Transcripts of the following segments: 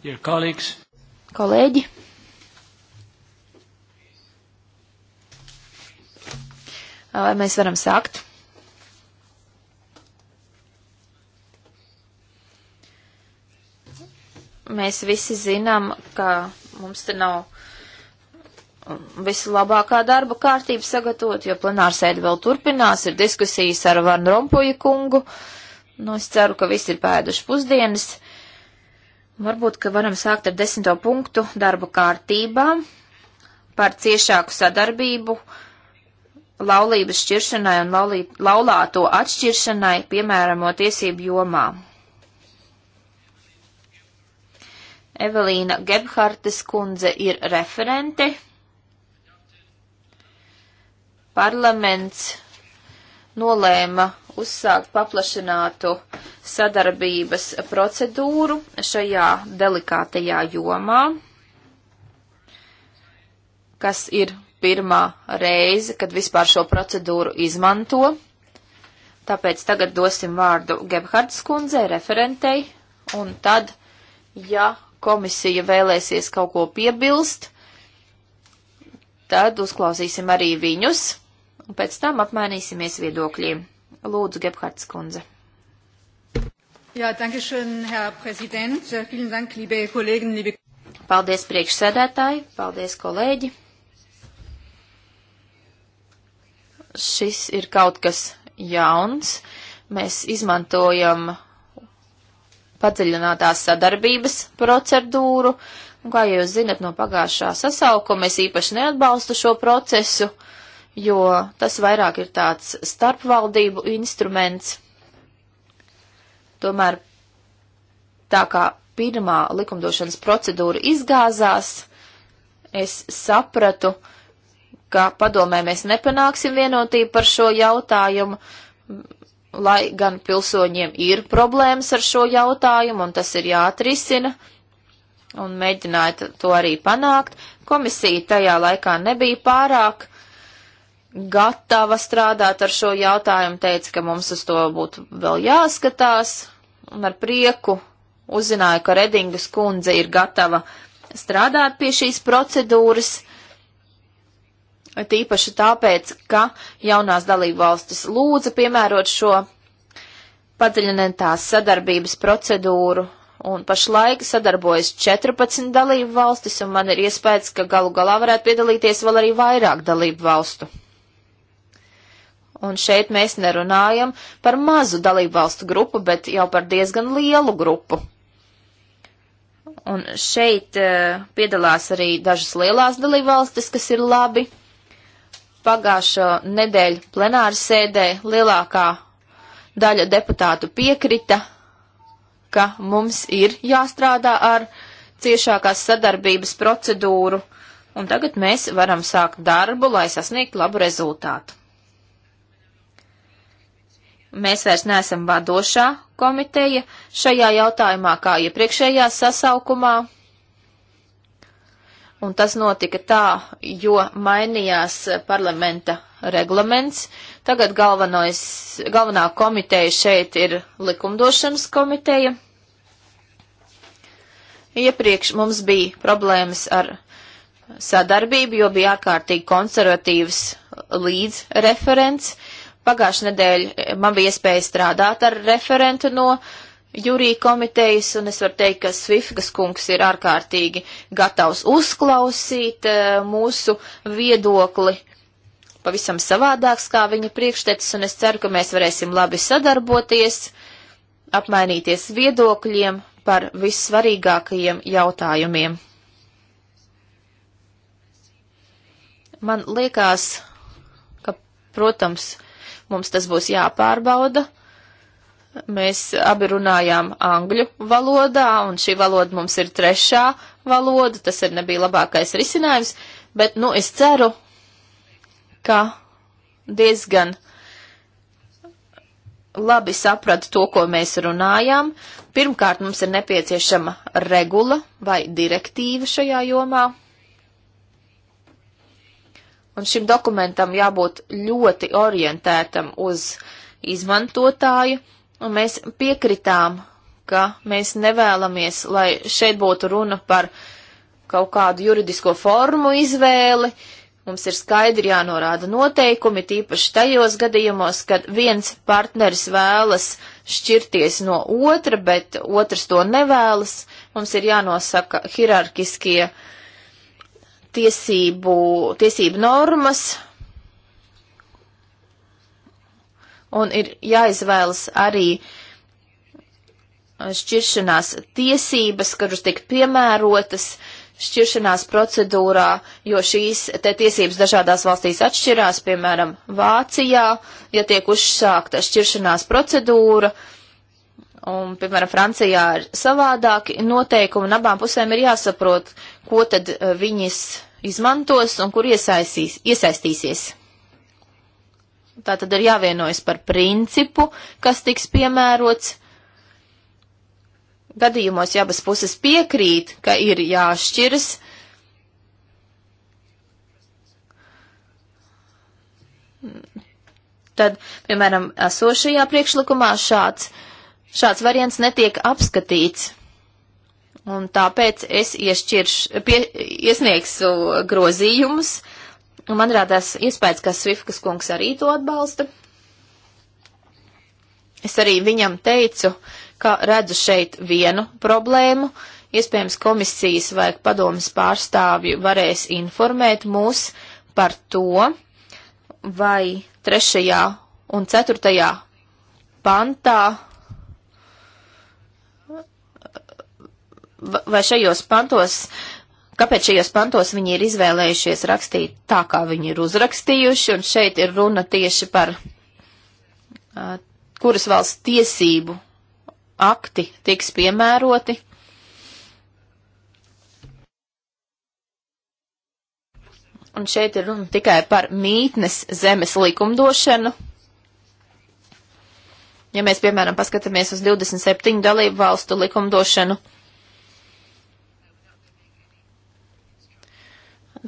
Kolēģi! Vai mēs varam sākt? Mēs visi zinām, ka mums te nav vislabākā darba kārtība sagatavot, jo plenārsēde vēl turpinās, ir diskusijas ar Van Rompuja kungu. Nu, es ceru, ka visi ir pēduši pusdienas. Uh, Varbūt, ka varam sākt ar desmito punktu darba kārtībā par ciešāku sadarbību laulības šķiršanai un laulī, laulāto atšķiršanai piemēramo tiesību jomā. Evelīna Gebhartes kundze ir referente. Parlaments nolēma uzsākt paplašinātu sadarbības procedūru šajā delikātajā jomā, kas ir pirmā reize, kad vispār šo procedūru izmanto. Tāpēc tagad dosim vārdu Gebhards kundzei, referentei, un tad, ja komisija vēlēsies kaut ko piebilst, tad uzklausīsim arī viņus, un pēc tam apmainīsimies viedokļiem. Lūdzu, Gebhards kundze. Jā, dankeschön, Herr Präsident. Vielen Dank, liebe Kollegen, liebe. Paldies priekšsēdētāji, paldies kolēģi. Šis ir kaut kas jauns. Mēs izmantojam padziļinātās sadarbības procedūru. Un, kā jūs zinat no pagājušā sasaukuma, es īpaši neatbalstu šo procesu. Uh, jo tas vairāk ir tāds starpvaldību instruments. Tomēr tā kā pirmā likumdošanas procedūra izgāzās, es sapratu, ka padomē mēs nepanāksim vienotību par šo jautājumu, lai gan pilsoņiem ir problēmas ar šo jautājumu, un tas ir jāatrisina, un mēģināja to arī panākt. Komisija tajā laikā nebija pārāk gatava strādāt ar šo jautājumu, teica, ka mums uz to būtu vēl jāskatās, un ar prieku uzzināju, ka Redingas kundze ir gatava strādāt pie šīs procedūras, tīpaši tāpēc, ka jaunās dalībvalstis lūdza piemērot šo padziļinātās sadarbības procedūru, un pašlaik sadarbojas 14 dalību valstis, un man ir iespējas, ka galu galā varētu piedalīties vēl arī vairāk dalību valstu. Un šeit mēs nerunājam par mazu dalību valstu grupu, bet jau par diezgan lielu grupu. Un šeit uh, piedalās arī dažas lielās dalību valstis, kas ir labi. Pagājušo nedēļu plenāra sēdē lielākā daļa deputātu piekrita, ka mums ir jāstrādā ar ciešākās sadarbības procedūru, un tagad mēs varam sākt darbu, lai sasniegtu labu rezultātu. Mēs vairs neesam vadošā komiteja šajā jautājumā, kā iepriekšējā sasaukumā. Un tas notika tā, jo mainījās parlamenta reglaments. Tagad galvenā komiteja šeit ir likumdošanas komiteja. Iepriekš mums bija problēmas ar sadarbību, jo bija ārkārtīgi konservatīvs līdzreferents. referents Pagājušajā nedēļā e, man bija iespēja strādāt ar referentu no jūrija komitejas, un es varu teikt, ka Svifgas kungs ir ārkārtīgi gatavs uzklausīt e, mūsu viedokli pavisam savādāks kā viņa priekštecis, un es ceru, ka mēs varēsim labi sadarboties, apmainīties viedokļiem par vissvarīgākajiem jautājumiem. Man liekas, ka, protams, Mums tas būs jāpārbauda. Mēs abi runājām angļu valodā, un šī valoda mums ir trešā valoda. Tas ir nebija labākais risinājums, bet, nu, es ceru, ka diezgan labi sapratu to, ko mēs runājām. Pirmkārt, mums ir nepieciešama regula vai direktīva šajā jomā. Un šim dokumentam jābūt ļoti orientētam uz izmantotāju, un mēs piekritām, ka mēs nevēlamies, lai šeit būtu runa par kaut kādu juridisko formu izvēli. Mums ir skaidri jānorāda noteikumi, tīpaši tajos gadījumos, kad viens partneris vēlas šķirties no otra, bet otrs to nevēlas. Mums ir jānosaka hierarkiskie uh, tiesību, tiesību normas, un ir jāizvēlas arī šķiršanās tiesības, kuras tiek piemērotas šķiršanās procedūrā, jo šīs te tiesības dažādās valstīs atšķirās, piemēram, Vācijā, ja tiek uzsākta šķiršanās procedūra, uh, Un, piemēram, Francijā ir savādāki noteikumi, un abām pusēm ir jāsaprot, ko tad eh, viņas izmantos un kur iesaistīs, iesaistīsies. Tā tad ir jāvienojas par principu, kas tiks piemērots. Gadījumos, ja abas puses piekrīt, ka ir jāšķiras, tad, piemēram, esošajā priekšlikumā šāds šāds variants netiek apskatīts. Un tāpēc es iešķiršu, pie, iesniegšu grozījumus. Un man rādās iespējas, ka Svifkas kungs arī to atbalsta. Es arī viņam teicu, ka redzu šeit vienu problēmu. Iespējams, komisijas vai padomas pārstāvju varēs informēt mūs par to, vai trešajā un ceturtajā pantā vai šajos pantos, kāpēc šajos pantos viņi ir izvēlējušies rakstīt tā, kā viņi ir uzrakstījuši, un šeit ir runa tieši par uh, kuras valsts tiesību akti tiks piemēroti. Un šeit ir runa tikai par mītnes zemes likumdošanu, Ja mēs, piemēram, paskatāmies uz 27 dalību valstu likumdošanu,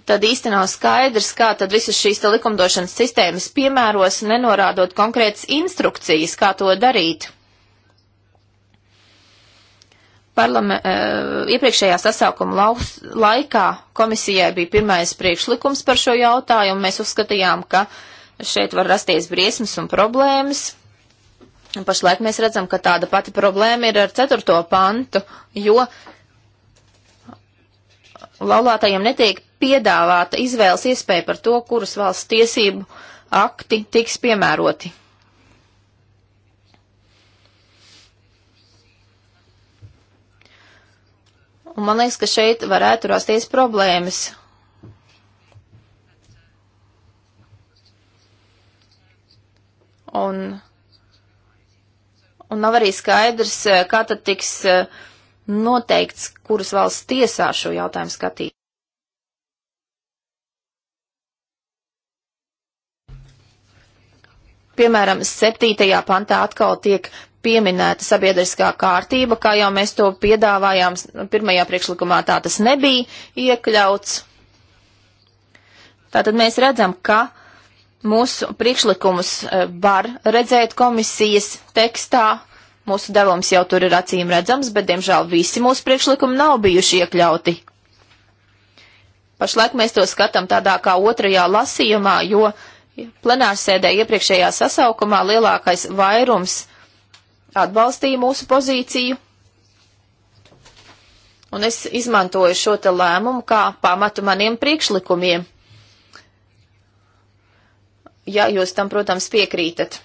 tad īsti nav skaidrs, kā tad visas šīs likumdošanas sistēmas piemēros, nenorādot konkrētas instrukcijas, kā to darīt. Parlame, eh, iepriekšējā sasaukuma laus, laikā komisijai bija pirmais priekšlikums par šo jautājumu. Mēs uzskatījām, ka šeit var rasties briesmas un problēmas. Un pašlaik mēs redzam, ka tāda pati problēma ir ar ceturto pantu, jo laulātajiem netiek piedāvāta izvēles iespēja par to, kuras valsts tiesību akti tiks piemēroti. Un man liekas, ka šeit varētu rasties problēmas. Un, un nav arī skaidrs, eh, kā tad tiks uh, noteikts, kuras valsts tiesā šo jautājumu skatīt. Piemēram, 7. pantā atkal tiek pieminēta sabiedriskā kārtība, kā jau mēs to piedāvājām, pirmajā priekšlikumā tā tas nebija iekļauts. Tātad mēs redzam, ka mūsu priekšlikumus eh, var redzēt komisijas tekstā, Mūsu devums jau tur ir acīm redzams, bet diemžēl visi mūsu priekšlikumi nav bijuši iekļauti. Pašlaik mēs to skatām tādā kā otrajā lasījumā, jo plenārsēdē iepriekšējā sasaukumā lielākais vairums atbalstīja mūsu pozīciju. Un es izmantoju šo te lēmumu kā pamatu maniem priekšlikumiem. Ja jūs tam, protams, piekrītat.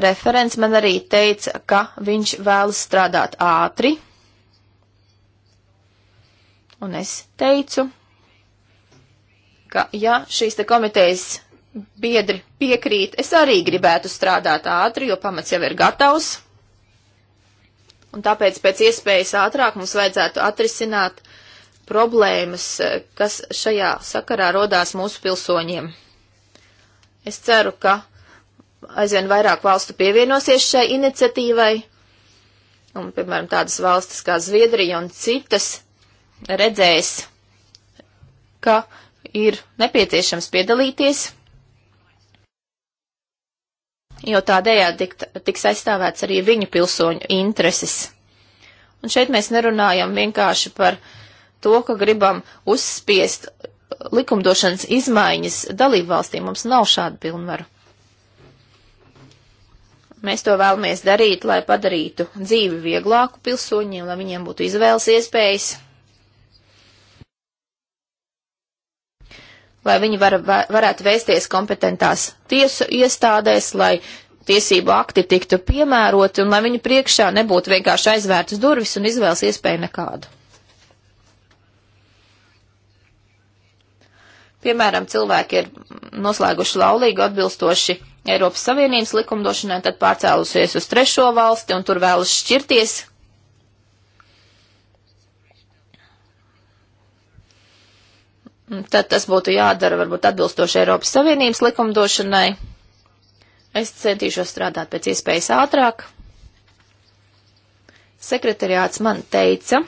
referents man arī teica, ka viņš vēlas strādāt ātri. Un es teicu, ka ja šīs te komitejas biedri piekrīt, es arī gribētu strādāt ātri, jo pamats jau ir gatavs. Un tāpēc pēc iespējas ātrāk mums vajadzētu atrisināt problēmas, kas šajā sakarā rodās mūsu pilsoņiem. Es ceru, ka aizvien vairāk valstu pievienosies šai iniciatīvai, un, piemēram, tādas valstis kā Zviedrija un citas redzēs, ka ir nepieciešams piedalīties, jo tādējādi tiks aizstāvēts arī viņu pilsoņu intereses. Un šeit mēs nerunājam vienkārši par to, ka gribam uzspiest likumdošanas izmaiņas dalībvalstīm. Mums nav šāda pilnvaru. Mēs to vēlamies darīt, lai padarītu dzīvi vieglāku pilsoņiem, lai viņiem būtu izvēles iespējas, lai viņi var, varētu vēsties kompetentās tiesu iestādēs, lai tiesību akti tiktu piemēroti un lai viņu priekšā nebūtu vienkārši aizvērtas durvis un izvēles iespēja nekādu. Piemēram, cilvēki ir noslēguši laulīgu atbilstoši Eiropas Savienības likumdošanai, tad pārcēlusies uz trešo valsti un tur vēlas šķirties. Tad tas būtu jādara varbūt atbilstoši Eiropas Savienības likumdošanai. Es centīšos strādāt pēc iespējas ātrāk. Sekretariāts man teica,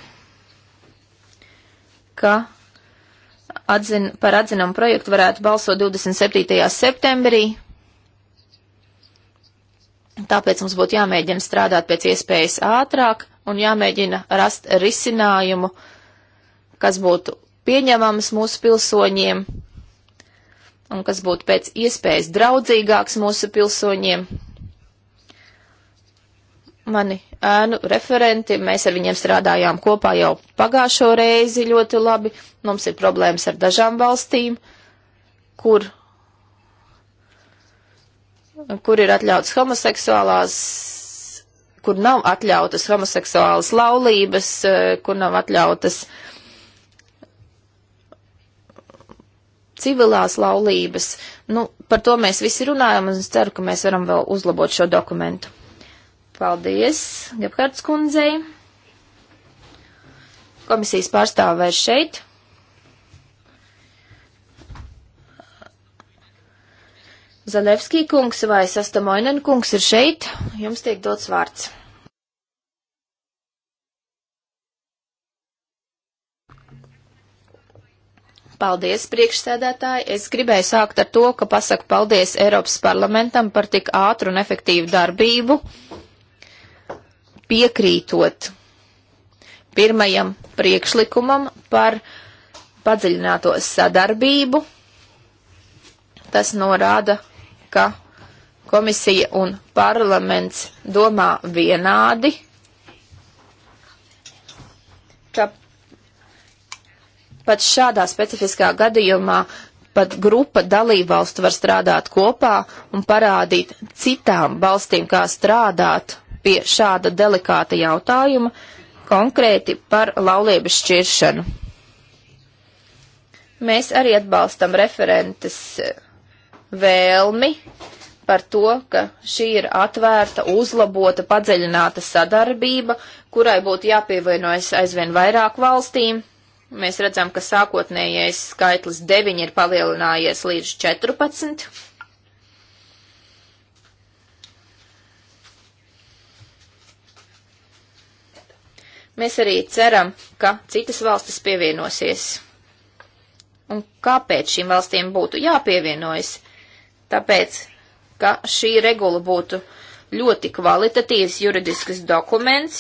ka atzin, par atzinumu projektu varētu balsot 27. septembrī, Tāpēc mums būtu jāmēģina strādāt pēc iespējas ātrāk un jāmēģina rast risinājumu, kas būtu pieņemams mūsu pilsoņiem un kas būtu pēc iespējas draudzīgāks mūsu pilsoņiem. Mani ēnu referenti, mēs ar viņiem strādājām kopā jau pagājušo reizi ļoti labi. Mums ir problēmas ar dažām valstīm, kur kur ir atļauts homoseksuālās, kur nav atļautas homoseksuālas laulības, eh, kur nav atļautas civilās laulības. Nu, par to mēs visi runājam un es ceru, ka mēs varam vēl uzlabot šo dokumentu. Paldies, Gephards kundzei. Komisijas pārstāvēs šeit. Zanevskī kungs vai Sastamoinen kungs ir šeit, jums tiek dots vārds. Paldies, priekšsēdētāji! Es gribēju sākt ar to, ka pasaku paldies Eiropas parlamentam par tik ātru un efektīvu darbību, piekrītot pirmajam priekšlikumam par padziļināto sadarbību. Tas norāda ka komisija un parlaments domā vienādi, ka pat šādā specifiskā gadījumā pat grupa dalībvalstu var strādāt kopā un parādīt citām valstīm, kā strādāt pie šāda delikāta jautājuma, konkrēti par laulības šķiršanu. Mēs arī atbalstam referentes vēlmi par to, ka šī ir atvērta, uzlabota, padziļināta sadarbība, kurai būtu jāpievienojas aizvien vairāk valstīm. Mēs redzam, ka sākotnējais skaitlis 9 ir palielinājies līdz 14. Mēs arī ceram, ka citas valstis pievienosies. Un kāpēc šīm valstīm būtu jāpievienojas? Tāpēc, ka šī regula būtu ļoti kvalitatīvs juridisks dokuments,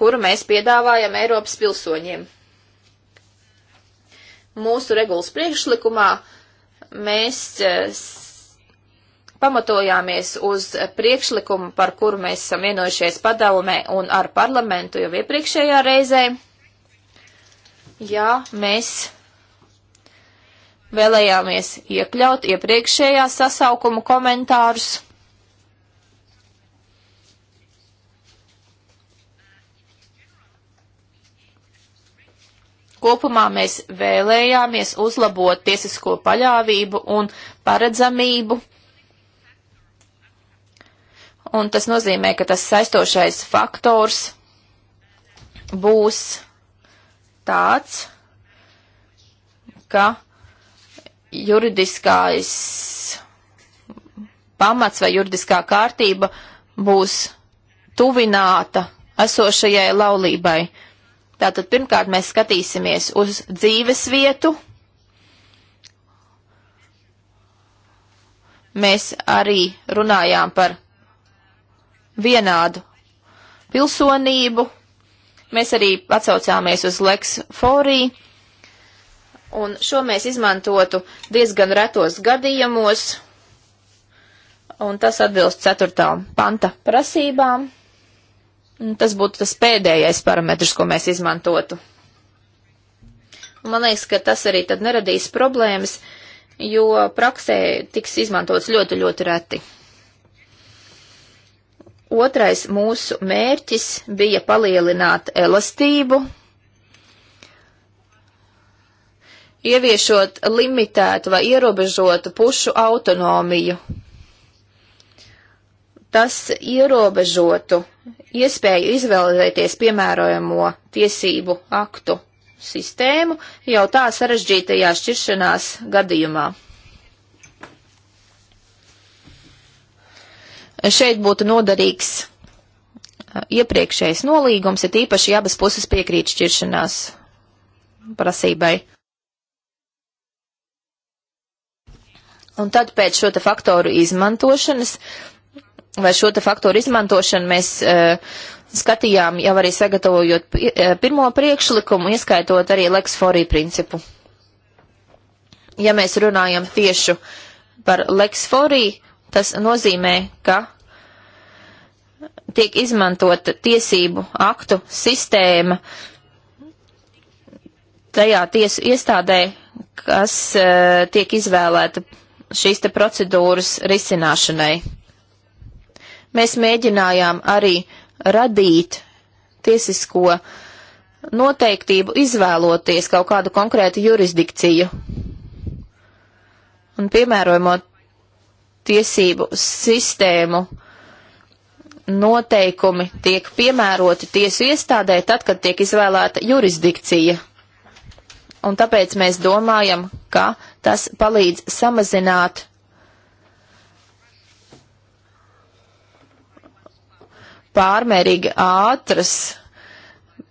kuru mēs piedāvājam Eiropas pilsoņiem. Mūsu regulas priekšlikumā mēs eh, pamatojāmies uz priekšlikumu, par kuru mēs esam vienojušies padomē un ar parlamentu jau iepriekšējā reizē. Jā, mēs vēlējāmies iekļaut iepriekšējā sasaukuma komentārus. Kopumā mēs vēlējāmies uzlabot tiesisko paļāvību un paredzamību. Un tas nozīmē, ka tas saistošais faktors būs tāds, ka juridiskais pamats vai juridiskā kārtība būs tuvināta esošajai laulībai. Tātad pirmkārt mēs skatīsimies uz dzīves vietu. Mēs arī runājām par vienādu pilsonību. Mēs arī atsaucāmies uz Lex Foriju Un šo mēs izmantotu diezgan retos gadījumos, un tas atbilst ceturtām panta prasībām. Un tas būtu tas pēdējais parametrs, ko mēs izmantotu. Un man liekas, ka tas arī tad neradīs problēmas, jo praksē tiks izmantots ļoti, ļoti reti. Otrais mūsu mērķis bija palielināt elastību ieviešot limitētu vai ierobežotu pušu autonomiju. Tas ierobežotu iespēju izvēlēties piemērojamo tiesību aktu sistēmu jau tā sarežģītajā šķiršanās gadījumā. Šeit būtu noderīgs iepriekšējais nolīgums, ir ja tīpaši, ja abas puses piekrīt šķiršanās prasībai. Un tad pēc šo te faktoru izmantošanas, vai šo te faktoru izmantošanu mēs uh, skatījām jau arī sagatavojot eh, pirmo priekšlikumu, ieskaitot arī Lex Forī principu. Ja mēs runājam tieši par Lex Forī, tas nozīmē, ka tiek izmantota tiesību aktu sistēma tajā tiesu iestādē, kas uh, tiek izvēlēta šīs te procedūras risināšanai. Mēs mēģinājām arī radīt tiesisko noteiktību, izvēloties kaut kādu konkrētu jurisdikciju un piemērojamo tiesību sistēmu noteikumi tiek piemēroti tiesu iestādē tad, kad tiek izvēlēta jurisdikcija un tāpēc mēs domājam, ka tas palīdz samazināt pārmērīgi ātras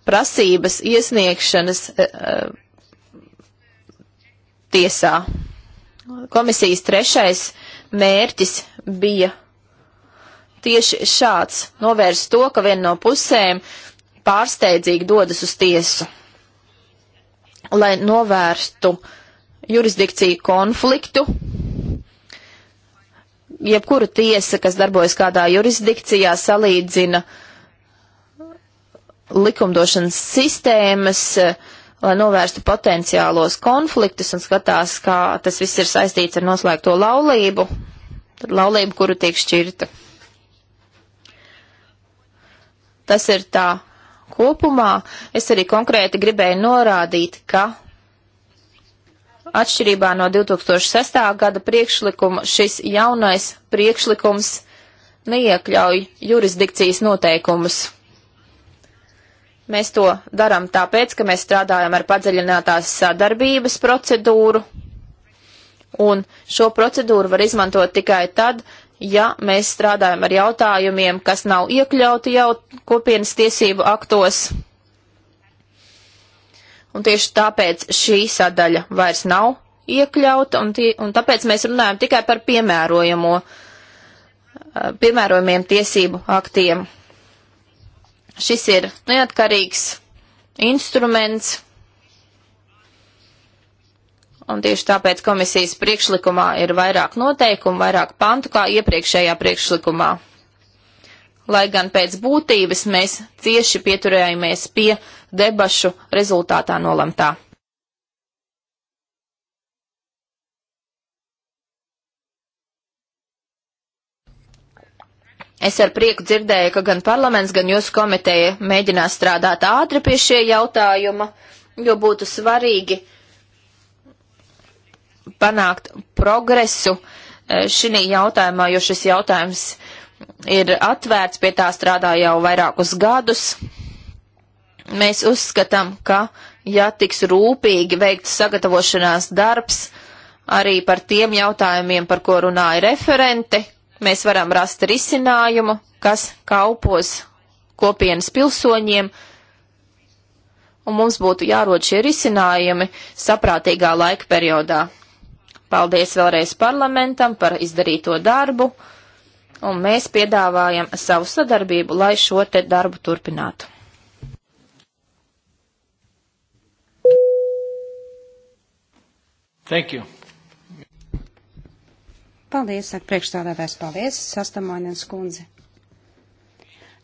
prasības iesniegšanas e, e, tiesā. Komisijas trešais mērķis bija tieši šāds - novērst to, ka viena no pusēm pārsteidzīgi dodas uz tiesu lai novērstu jurisdikciju konfliktu. Jebkura tiesa, kas darbojas kādā jurisdikcijā, salīdzina likumdošanas sistēmas, lai novērstu potenciālos konfliktus un skatās, kā tas viss ir saistīts ar noslēgto laulību, tad laulību, kuru tiek šķirta. Tas ir tā kopumā es arī konkrēti gribēju norādīt, ka atšķirībā no 2006. gada priekšlikuma šis jaunais priekšlikums neiekļauj jurisdikcijas noteikumus. Mēs to darām tāpēc, ka mēs strādājam ar padziļinātās sadarbības procedūru, un šo procedūru var izmantot tikai tad, ja mēs strādājam ar jautājumiem, kas nav iekļauti jau kopienas tiesību aktos. Un tieši tāpēc šī sadaļa vairs nav iekļauta, un, tie, un tāpēc mēs runājam tikai par piemērojamo, eh, piemērojumiem tiesību aktiem. Šis ir neatkarīgs instruments, Un tieši tāpēc komisijas priekšlikumā ir vairāk noteikumu, vairāk pantu kā iepriekšējā priekšlikumā. Lai gan pēc būtības mēs cieši pieturējāmies pie debašu rezultātā nolemtā. Es ar prieku dzirdēju, ka gan parlaments, gan jūsu komiteja mēģinās strādāt ātri pie šie jautājuma, jo būtu svarīgi panākt progresu eh, šī jautājumā, jo šis jautājums ir atvērts, pie tā strādā jau vairākus gadus. Mēs uzskatām, ka, ja tiks rūpīgi veikts sagatavošanās darbs, arī par tiem jautājumiem, par ko runāja referente, mēs varam rast risinājumu, kas kalpos kopienas pilsoņiem, un mums būtu jārod šie risinājumi saprātīgā laika periodā. Paldies vēlreiz parlamentam par izdarīto darbu, un mēs piedāvājam savu sadarbību, lai šo te darbu turpinātu. Thank you. Paldies, saka priekšstādātājs, paldies, sastamāņens kundze.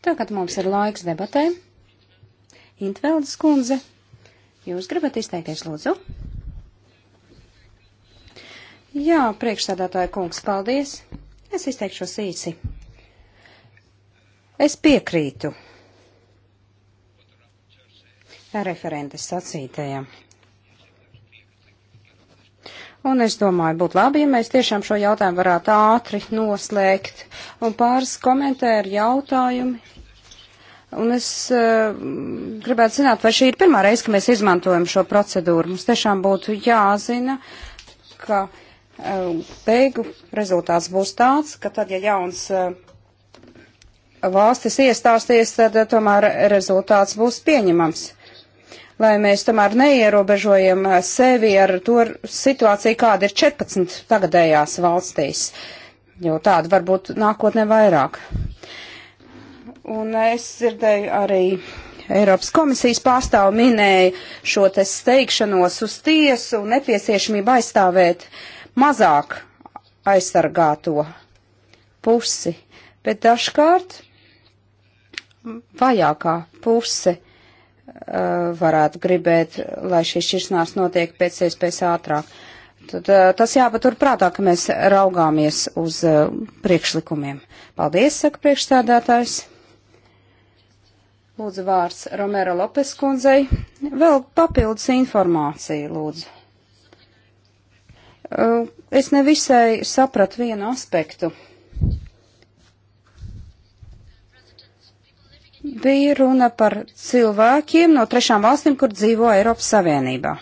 Tagad mums ir laiks debatē. Intveldes kundze, jūs gribat izteikties, lūdzu? Jā, priekšstādātāja kungs, paldies. Es izteikšos īsi. Es piekrītu referentes sacītajam. Un es domāju, būtu labi, ja mēs tiešām šo jautājumu varētu ātri noslēgt. Un pāris komentēri jautājumi. Un es uh, gribētu zināt, vai šī ir pirmā reize, ka mēs izmantojam šo procedūru. Mums tiešām būtu jāzina, ka uh, Ehm, beigu rezultāts būs tāds, ka tad, ja jauns eh, valstis iestāsties, tad eh, tomēr rezultāts būs pieņemams. Lai mēs tomēr neierobežojam eh, sevi ar to situāciju, kāda ir 14 tagadējās valstīs, jo tāda varbūt nākotnē vairāk. Un es dzirdēju arī Eiropas komisijas pārstāvu minēja šo te steigšanos uz tiesu un nepieciešamību aizstāvēt uh, mazāk aizsargāto pusi, bet dažkārt vajākā puse uh, varētu gribēt, lai šis šķirsnās notiek pēc iespējas ātrāk. Tad, uh, tas jāpatur prātā, ka mēs raugāmies uz uh, priekšlikumiem. Paldies, saka priekšstādātājs. Lūdzu vārds Romero Lopes kundzei. Vēl papildus informāciju, lūdzu. Eh, es nevisai sapratu vienu aspektu. Bija runa par cilvēkiem no trešām valstīm, kur dzīvo Eiropas Savienībā.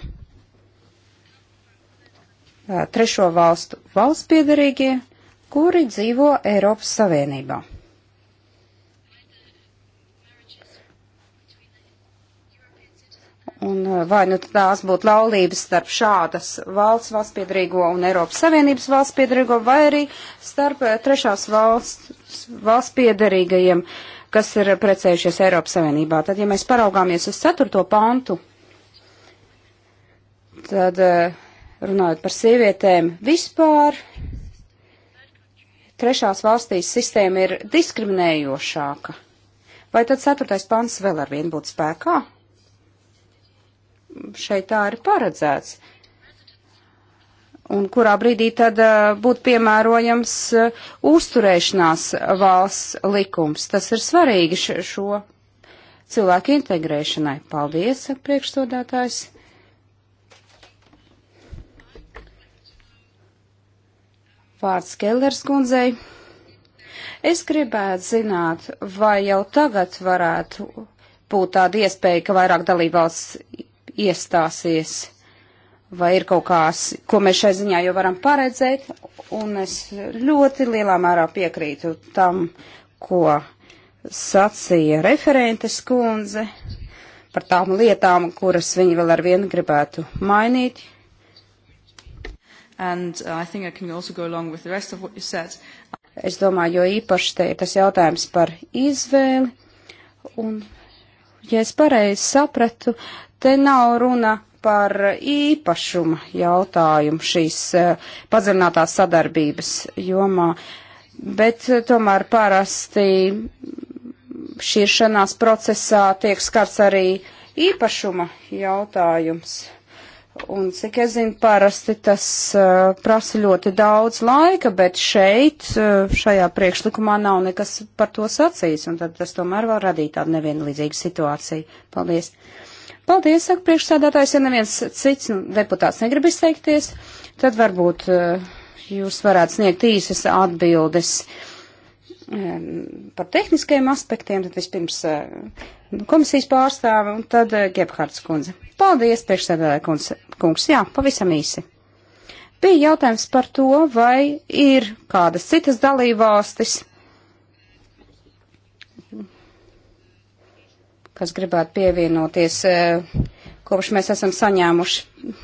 Eh, trešo valstu valsts piedarīgie, kuri dzīvo Eiropas Savienībā. Un eh, vai nu tās būtu laulības starp šādas valsts valstspiedrīgo un Eiropas Savienības valstspiedrīgo, vai arī starp eh, trešās valsts valstspiedrīgajiem, kas ir precējušies Eiropas Savienībā. Tad, ja mēs paraugāmies uz ceturto pantu, tad eh, runājot par sievietēm vispār, trešās valstīs sistēma ir diskriminējošāka. Vai tad ceturtais pants vēl ar vienu būtu spēkā? šeit tā ir paredzēts. Un kurā brīdī tad būtu piemērojams uzturēšanās valsts likums. Tas ir svarīgi šo cilvēku integrēšanai. Paldies, priekšstādātājs. Vārds Kellers kundzei. Es gribētu zināt, vai jau tagad varētu būt tāda iespēja, ka vairāk dalībvalsts iestāsies, vai ir kaut kās, ko mēs šai ziņā jau varam paredzēt, un es ļoti lielā mērā piekrītu tam, ko sacīja referentes kundze par tām lietām, kuras viņi vēl ar vienu gribētu mainīt. And, uh, I I es domāju, jo īpaši te ir tas jautājums par izvēli, un ja es pareizi sapratu, Te nav runa par īpašuma jautājumu šīs eh, padzinātās sadarbības jomā, bet eh, tomēr parasti šķiršanās procesā tiek skarts arī īpašuma jautājums. Un, cik es zinu, parasti tas uh, prasa ļoti daudz laika, bet šeit, uh, šajā priekšlikumā nav nekas par to sacīts, un tad tas tomēr var radīt tādu nevienlīdzīgu situāciju. Paldies! Uh, Paldies, saka priekšsādātājs, ja neviens cits nu, deputāts negrib izteikties, tad varbūt eh, jūs varētu sniegt īsas atbildes par tehniskajiem aspektiem, tad vispirms eh, komisijas pārstāve un tad eh, Gebhards kundze. Paldies, priekšsēdētāja kungs, kungs, jā, pavisam īsi. Bija jautājums par to, vai ir kādas citas dalībvalstis, kas gribētu pievienoties, e, kopš mēs esam saņēmuši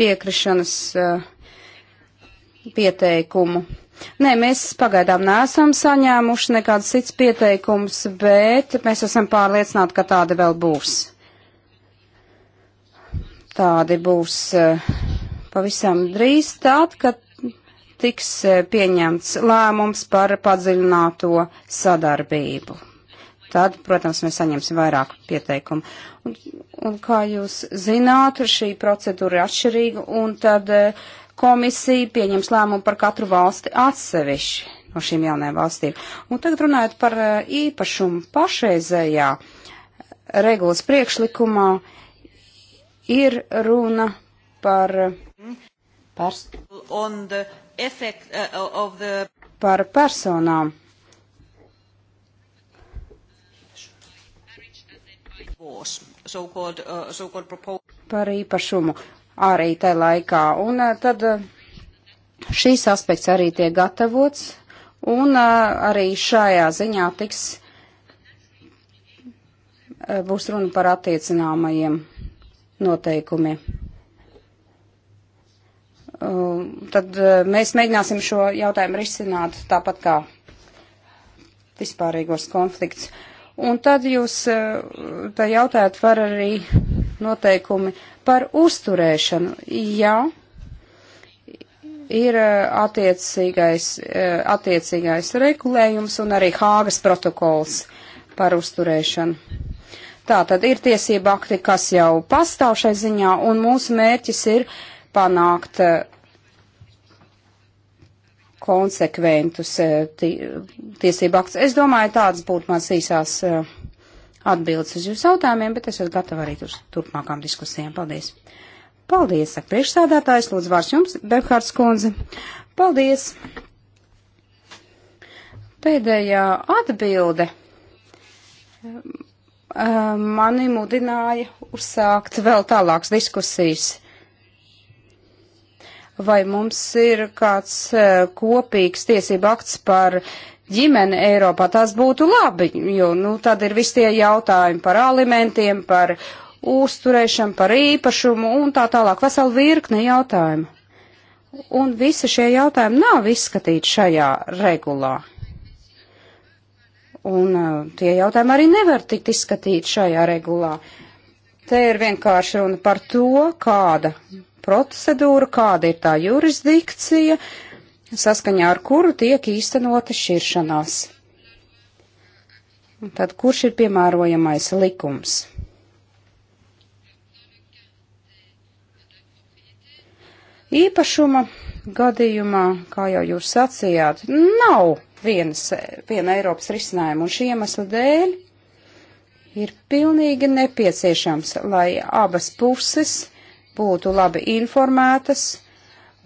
piekrišanas e, pieteikumu. Nē, mēs pagaidām neesam saņēmuši nekādas cits pieteikums, bet mēs esam pārliecināti, ka tādi vēl būs. Tādi būs e, pavisam drīz tād, kad tiks pieņemts lēmums par padziļināto sadarbību tad, protams, mēs saņemsim vairāk pieteikumu. Un, un kā jūs zināt, šī procedūra ir atšķirīga, un tad eh, komisija pieņems lēmumu par katru valsti atsevišķi no šīm jaunajām valstīm. Un tagad runājot par eh, īpašumu pašreizējā eh, regulas priekšlikumā, ir runa par. Pers the... par personām, Uh, par īpašumu arī tajā laikā. Un uh, tad uh, šīs aspekts arī tiek gatavots, un arī šajā ziņā tiks, būs runa par attiecināmajiem noteikumiem. Tad mēs mēģināsim šo jautājumu risināt tāpat kā vispārīgos konflikts. Uh, Un tad jūs eh, tā jautājat par arī noteikumi par uzturēšanu. Jā, ir eh, attiecīgais, eh, attiecīgais regulējums un arī Hāgas protokols par uzturēšanu. Tā tad ir tiesība akti, kas jau pastāv šai ziņā, un mūsu mērķis ir panākt konsekventus eh, tiesību aktus. Es domāju, tāds būtu mans īsās eh, atbildes uz jūsu jautājumiem, bet es esmu gatava arī uz turpmākām diskusijām. Paldies! Paldies, saka priekšsādātājs, lūdzu vārds jums, Berhards Kunze. Paldies! Pēdējā atbilde eh, mani mudināja uzsākt vēl tālākas diskusijas vai mums ir kāds e, kopīgs tiesība akts par ģimeni Eiropā. Tas būtu labi, jo nu, tad ir visi tie jautājumi par alimentiem, par uzturēšanu, par īpašumu un tā tālāk. Vesela virkne jautājumu. Un visi šie jautājumi nav izskatīti šajā regulā. Un uh, tie jautājumi arī nevar tikt izskatīti šajā regulā. Te ir vienkārši runa par to, kāda procedūra, kāda ir tā jurisdikcija, saskaņā ar kuru tiek īstenota šķiršanās. Tad kurš ir piemērojamais likums? Īpašuma gadījumā, kā jau jūs sacījāt, nav vienas, viena Eiropas risinājuma, un šī iemesla dēļ ir pilnīgi nepieciešams, lai abas puses būtu labi informētas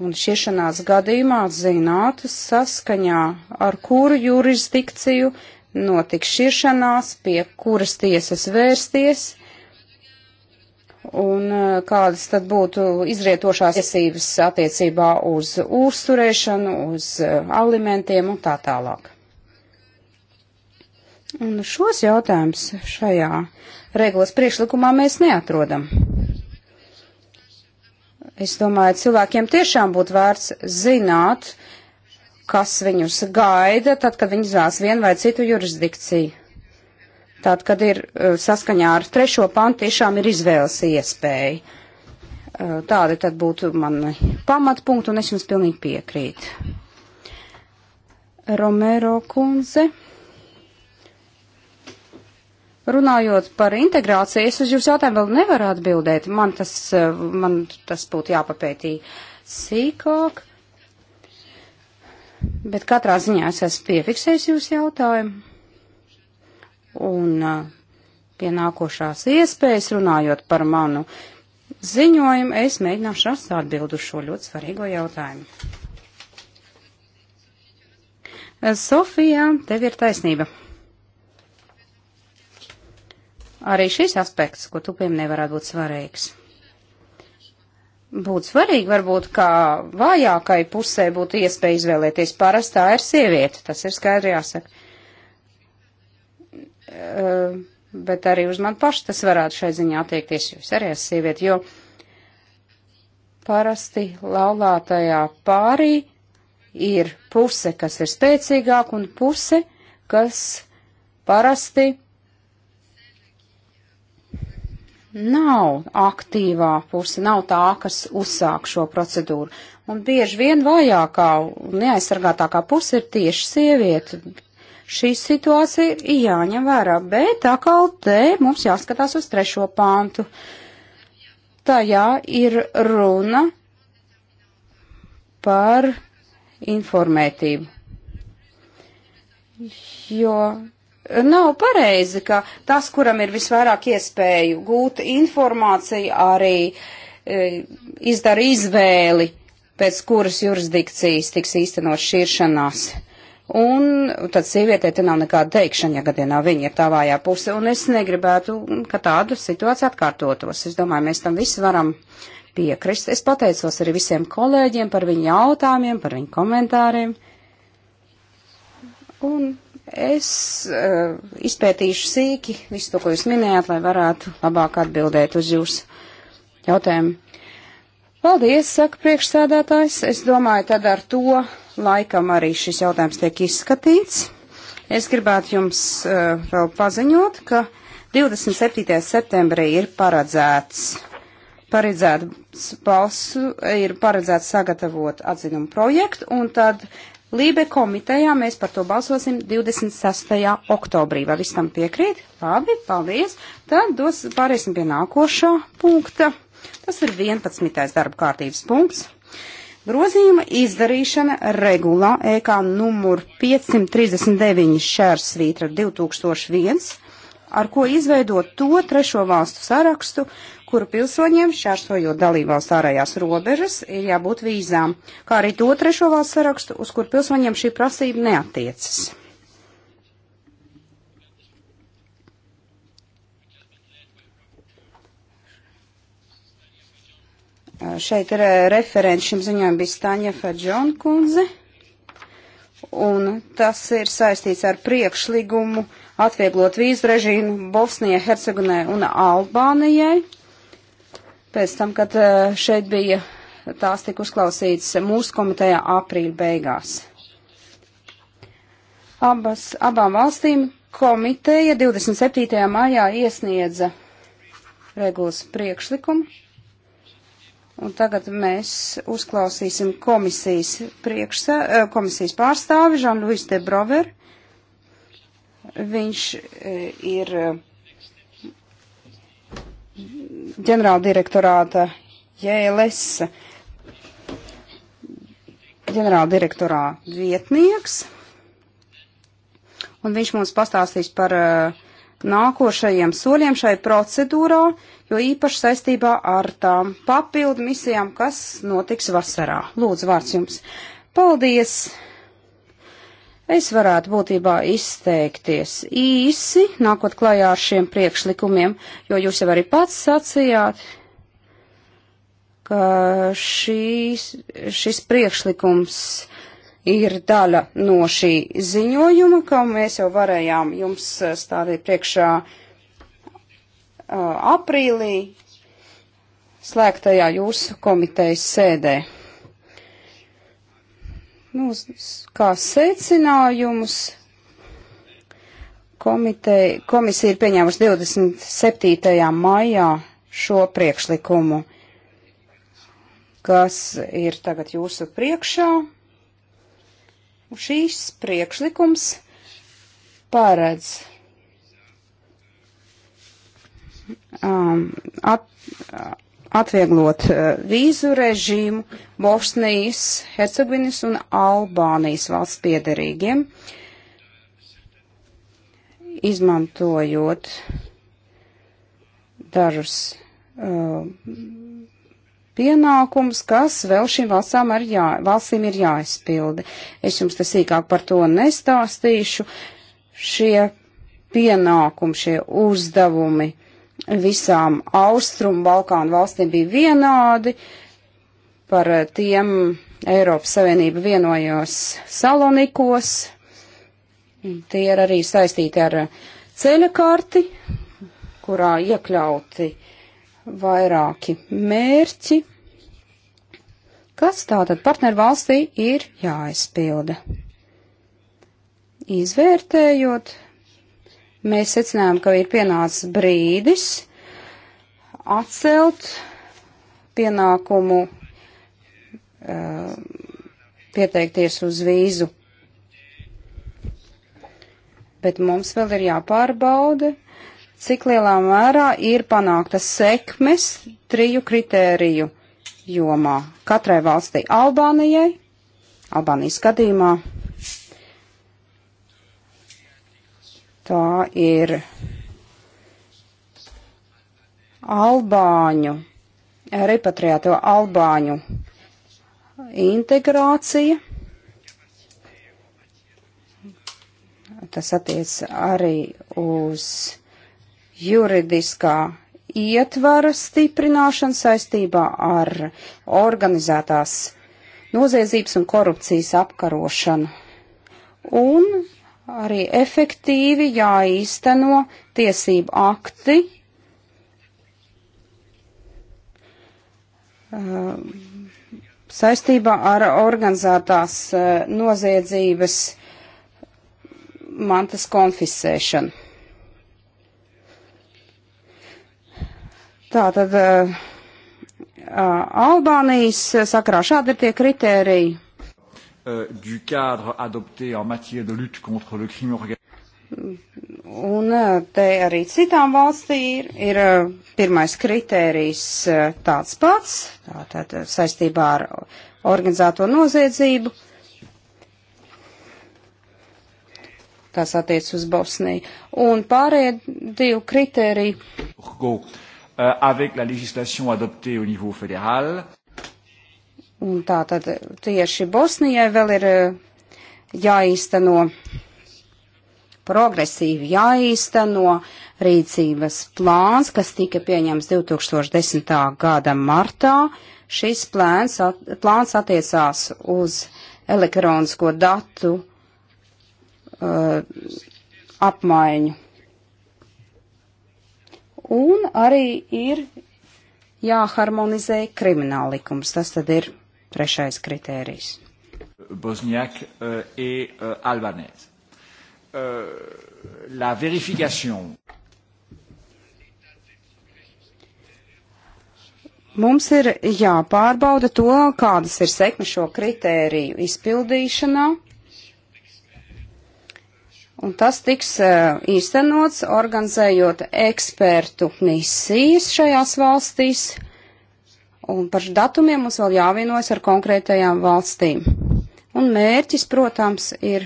un šiešanās gadījumā zinātu saskaņā ar kuru jurisdikciju notiks šiešanās, pie kuras tiesas vērsties un e, kādas tad būtu izrietošās tiesības attiecībā uz uzturēšanu, uz e, alimentiem un tā tālāk. Un šos jautājumus šajā regulas priekšlikumā mēs neatrodam. Es domāju, cilvēkiem tiešām būtu vērts zināt, kas viņus gaida, tad, kad viņi izvēlas vienu vai citu jurisdikciju. Tad, kad ir uh, saskaņā ar trešo pantu, tiešām ir izvēles iespēja. Uh, tādi tad būtu mani pamatpunkti, un es jums pilnīgi piekrītu. Romero kundze. Runājot par integrāciju, es uz jūsu jautājumu vēl nevaru atbildēt. Man tas, eh, man tas būtu jāpapētī sīkāk. Bet katrā ziņā es esmu piefiksējis jūsu jautājumu. Un eh, pie nākošās iespējas runājot par manu ziņojumu, es mēģināšu rast atbildu šo ļoti svarīgo jautājumu. Eh, Sofija, tev ir taisnība. Arī šis aspekts, ko tu pieminēji, varētu būt svarīgs. Būtu svarīgi, varbūt, kā vājākai pusē būtu iespēja izvēlēties. Parastā ir sieviete, tas ir skaidri jāsaka. Uh, bet arī uz mani pašu tas varētu šai ziņā attiekties, jo es arī esmu sieviete, jo parasti laulātajā pārī ir puse, kas ir spēcīgāka, un puse, kas parasti nav aktīvā puse, nav tā, kas uzsāk šo procedūru. Un bieži vien vājākā un neaizsargātākā puse ir tieši sieviete. Šī situācija ir jāņem vērā, bet atkal te mums jāskatās uz trešo pāntu. Tajā ir runa par informētību. Jo Nav pareizi, ka tas, kuram ir visvairāk iespēju gūt informāciju, arī e, izdara izvēli, pēc kuras jurisdikcijas tiks īstenot šķiršanās. Un tad sievietē te nav nekāda teikšana, ja gadienā viņa ir tā vājā puse, un es negribētu, ka tāda situācija atkārtotos. Es domāju, mēs tam visi varam piekrist. Es pateicos arī visiem kolēģiem par viņu jautājumiem, par viņu komentāriem. Un Es uh, izpētīšu sīki visu to, ko jūs minējāt, lai varētu labāk atbildēt uz jūsu jautājumu. Paldies, saka priekšsēdētājs. Es domāju, tad ar to laikam arī šis jautājums tiek izskatīts. Es gribētu jums uh, vēl paziņot, ka 27. septembrī ir paredzēts, paredzēts balsu, ir paredzēts sagatavot atzinumu projektu, un tad Lībe komitejā mēs par to balsosim 26. oktobrī. Vai viss tam piekrīt? Labi, paldies. Tad dos, pāriesim pie nākošā punkta. Tas ir 11. darba kārtības punkts. Grozījuma izdarīšana regulā EK numur 539 šērs svītra 2001, ar ko izveidot to trešo valstu sarakstu, kuru pilsoņiem, šķērsojot dalībvalsts ārējās robežas, ir jābūt vīzām, kā arī to trešo valsts sarakstu, uz kur pilsoņiem šī prasība neatiecas. Šeit ir referents šim ziņojumam bija Staņa Fadžona kundze, un tas ir saistīts ar priekšligumu atvieglot vīzu režīmu Bosnijai, Hercegunai un Albānijai pēc tam, kad eh, šeit bija tās tika uzklausītas mūsu komitejā aprīļa beigās. Abas, abām valstīm komiteja 27. maijā iesniedza regulas priekšlikumu, un tagad mēs uzklausīsim komisijas, priekšsā, eh, komisijas pārstāvi Žanluis de Brover. Viņš eh, ir ģenerāldirektorāta JLS ģenerāldirektorā vietnieks, un viņš mums pastāstīs par uh, nākošajiem soļiem šai procedūrā, jo īpaši saistībā ar tām papildu misijām, kas notiks vasarā. Lūdzu, vārds jums. Paldies! Es varētu būtībā izteikties īsi, nākot klajā ar šiem priekšlikumiem, jo jūs jau arī pats sacījāt, ka šīs, šis priekšlikums ir daļa no šī ziņojuma, ka mēs jau varējām jums stādīt priekšā aprīlī slēgtajā jūsu komitejas sēdē. Nu, kā secinājumus komiteja, komisija ir pieņēmusi 27. maijā šo priekšlikumu, kas ir tagad jūsu priekšā. Un šīs priekšlikums paredz um, at, atvieglot eh, vīzu režīmu Bosnijas, Hercegovinas un Albānijas valsts piederīgiem, izmantojot dažus uh, eh, pienākums, kas vēl šīm valstīm ir, jā, valstīm ir jāizpilda. Es jums tas sīkāk par to nestāstīšu. Šie pienākumi, šie uzdevumi uh, visām Austrumu Balkānu valstīm bija vienādi, par eh, tiem Eiropas Savienība vienojos Salonikos, tie ir arī saistīti ar eh, ceļa karti, kurā iekļauti vairāki mērķi, kas tātad partneru valstī ir jāizpilda. Izvērtējot Mēs secinājām, ka ir pienācis brīdis atcelt pienākumu uh, pieteikties uz vīzu. Bet mums vēl ir jāpārbauda, cik lielā mērā ir panāktas sekmes triju kritēriju jomā katrai valstī Albānijai, Albānijas gadījumā Tā ir albāņu, repatriēto albāņu integrācija. Tas attiec arī uz juridiskā ietvara stiprināšanu saistībā ar organizētās noziedzības un korupcijas apkarošanu. Un arī efektīvi jāīsteno tiesību akti, saistībā ar organizētās noziedzības mantas konfiscēšanu. Tātad Albānijas sakrā šādi ir tie kritēriji euh, du cadre adopté en matière de lutte contre le crime organisé. Un uh, te arī citām valstī ir, ir uh, pirmais kritērijs uh, tāds pats, tātad saistībā ar organizēto noziedzību. Tas attiec uz Bosniju. Un pārējie divi kritēriji. Avec la législation adoptée au niveau fédéral. Un tā tad tieši Bosnijai vēl ir e, jāīsteno progresīvi jāīsteno rīcības plāns, kas tika pieņems 2010. gada martā. Šis plāns, at, plāns attiecās uz elektronisko datu uh, apmaiņu. Un arī ir jāharmonizē krimināllikums. Tas tad ir Trešais kritērijs. Bosniak uh, et uh, Albanese. Uh, la verification. Mums ir jāpārbauda to, kādas ir sekme šo kritēriju izpildīšanā, un tas tiks īstenots, organizējot ekspertu misijas šajās valstīs Un par datumiem mums vēl jāvienojas ar konkrētajām valstīm. Un mērķis, protams, ir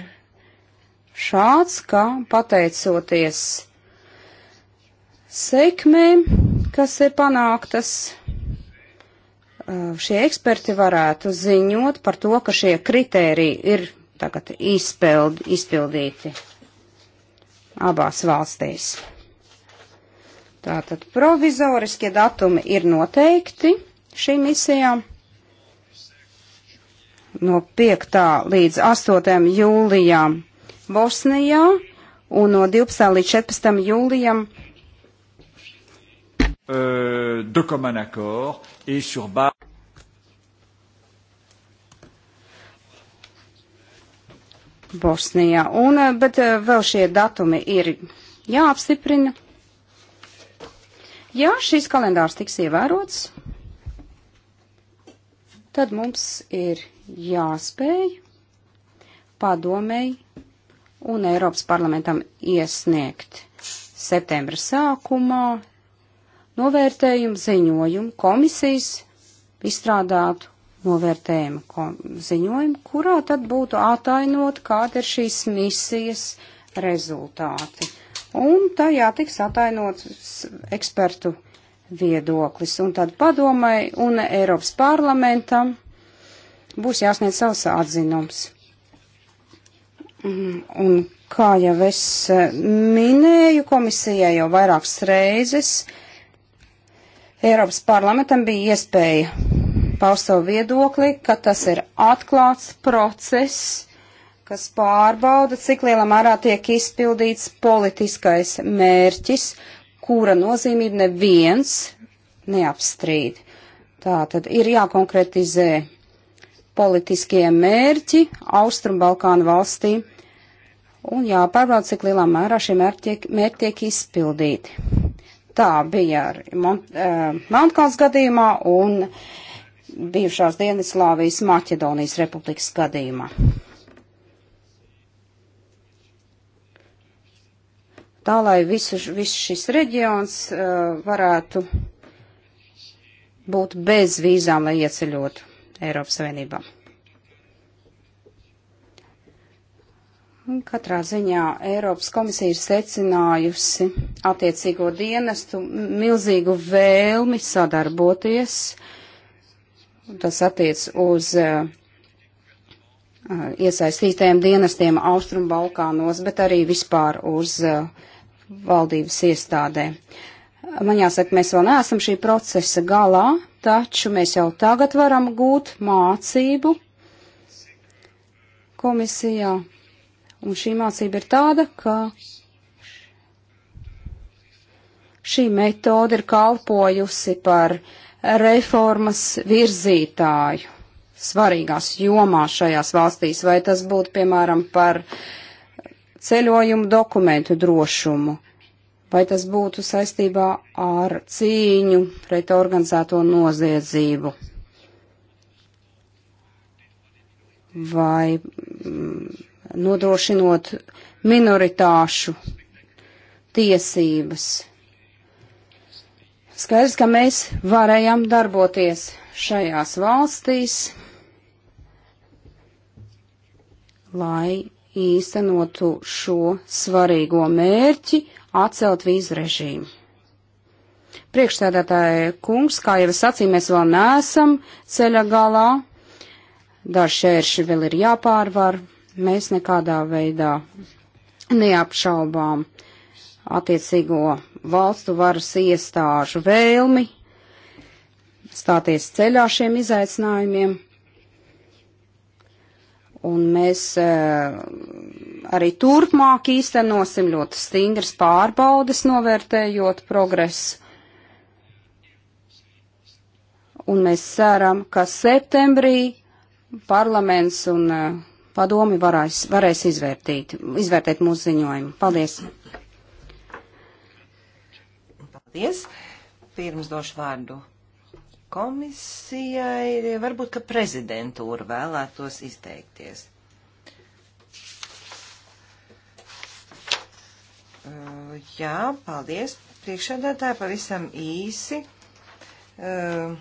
šāds, ka pateicoties sekmēm, kas ir panāktas, uh, šie eksperti varētu ziņot par to, ka šie kritēriji ir tagad izpild, izpildīti abās valstīs. Tātad provizoriskie datumi ir noteikti šīm misijām. No 5. līdz 8. jūlijām Bosnijā un no 12. līdz 14. jūlijam euh, de commun accord et sur base. Bosnijā. Un, eh, bet eh, vēl šie datumi ir jāapstiprina. Jā, šīs kalendārs tiks ievērots tad mums ir jāspēj padomēji un Eiropas parlamentam iesniegt septembra sākumā novērtējumu ziņojumu komisijas izstrādātu novērtējumu kom ziņojumu, kurā tad būtu atainot, kāda ir šīs misijas rezultāti. Un tajā tiks atainots ekspertu viedoklis. Un tad padomai un Eiropas parlamentam būs jāsniedz savs atzinums. Mm, un kā jau es eh, minēju, komisijai jau vairākas reizes Eiropas parlamentam bija iespēja paust savu viedokli, ka tas ir atklāts process, kas pārbauda, cik lielā mērā tiek izpildīts politiskais mērķis, kura nozīmību neviens neapstrīd. Tātad ir jākonkretizē politiskie mērķi Austrumbalkānu valstī un jāpārbauda, cik lielā mērā šie mērķi tiek, mērķi tiek izpildīti. Tā bija ar Mont, uh, eh, Mountkalns gadījumā un bijušās Dienvidslāvijas Maķedonijas republikas gadījumā. tā lai visu, visu šis reģions uh, varētu būt bez vīzām, lai ieceļotu Eiropas Savienībā. Un katrā ziņā Eiropas komisija ir secinājusi attiecīgo dienestu milzīgu vēlmi sadarboties. Tas attiec uz uh, uh iesaistītajiem dienestiem Austrumbalkānos, bet arī vispār uz uh, valdības iestādē. Man jāsaka, mēs vēl neesam šī procesa galā, taču mēs jau tagad varam gūt mācību komisijā. Un šī mācība ir tāda, ka šī metode ir kalpojusi par reformas virzītāju svarīgās jomās šajās valstīs, vai tas būtu, piemēram, par uh, ceļojumu dokumentu drošumu, vai tas būtu saistībā ar cīņu pret organizēto noziedzību, vai mm, nodrošinot minoritāšu tiesības. Skaidrs, ka mēs varējām darboties šajās valstīs, lai īstenotu šo svarīgo mērķi - atcelt vīzu režīmu. Priekšstādātāja kungs, kā jau es sacīju, mēs vēl neesam ceļa galā, daži šērši vēl ir jāpārvar, mēs nekādā veidā neapšaubām attiecīgo valstu varas iestāžu vēlmi stāties ceļā šiem izaicinājumiem un mēs eh, arī turpmāk īstenosim ļoti stingras pārbaudes, novērtējot progresu. Un mēs ceram, ka septembrī parlaments un eh, padomi varēs, varēs izvērtīt, izvērtēt mūsu ziņojumu. Paldies! Paldies! Pirms došu vārdu komisijai, varbūt, ka prezidentūra vēlētos izteikties. Uh, jā, paldies. Priekšādātāji pavisam īsi uh,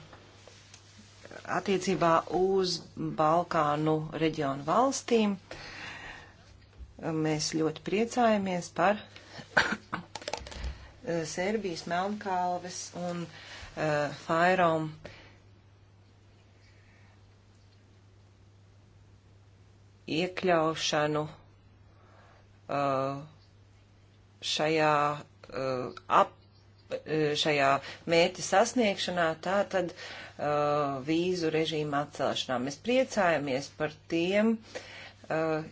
attiecībā uz Balkānu reģionu valstīm. Uh, mēs ļoti priecājamies par Serbijas, Melnkalves un uh, Uh, Fairom. Iekļaušanu uh, šajā uh, ap šajā mērķa sasniegšanā, tā tad uh, vīzu režīma atcelšanā. Mēs priecājamies par tiem uh,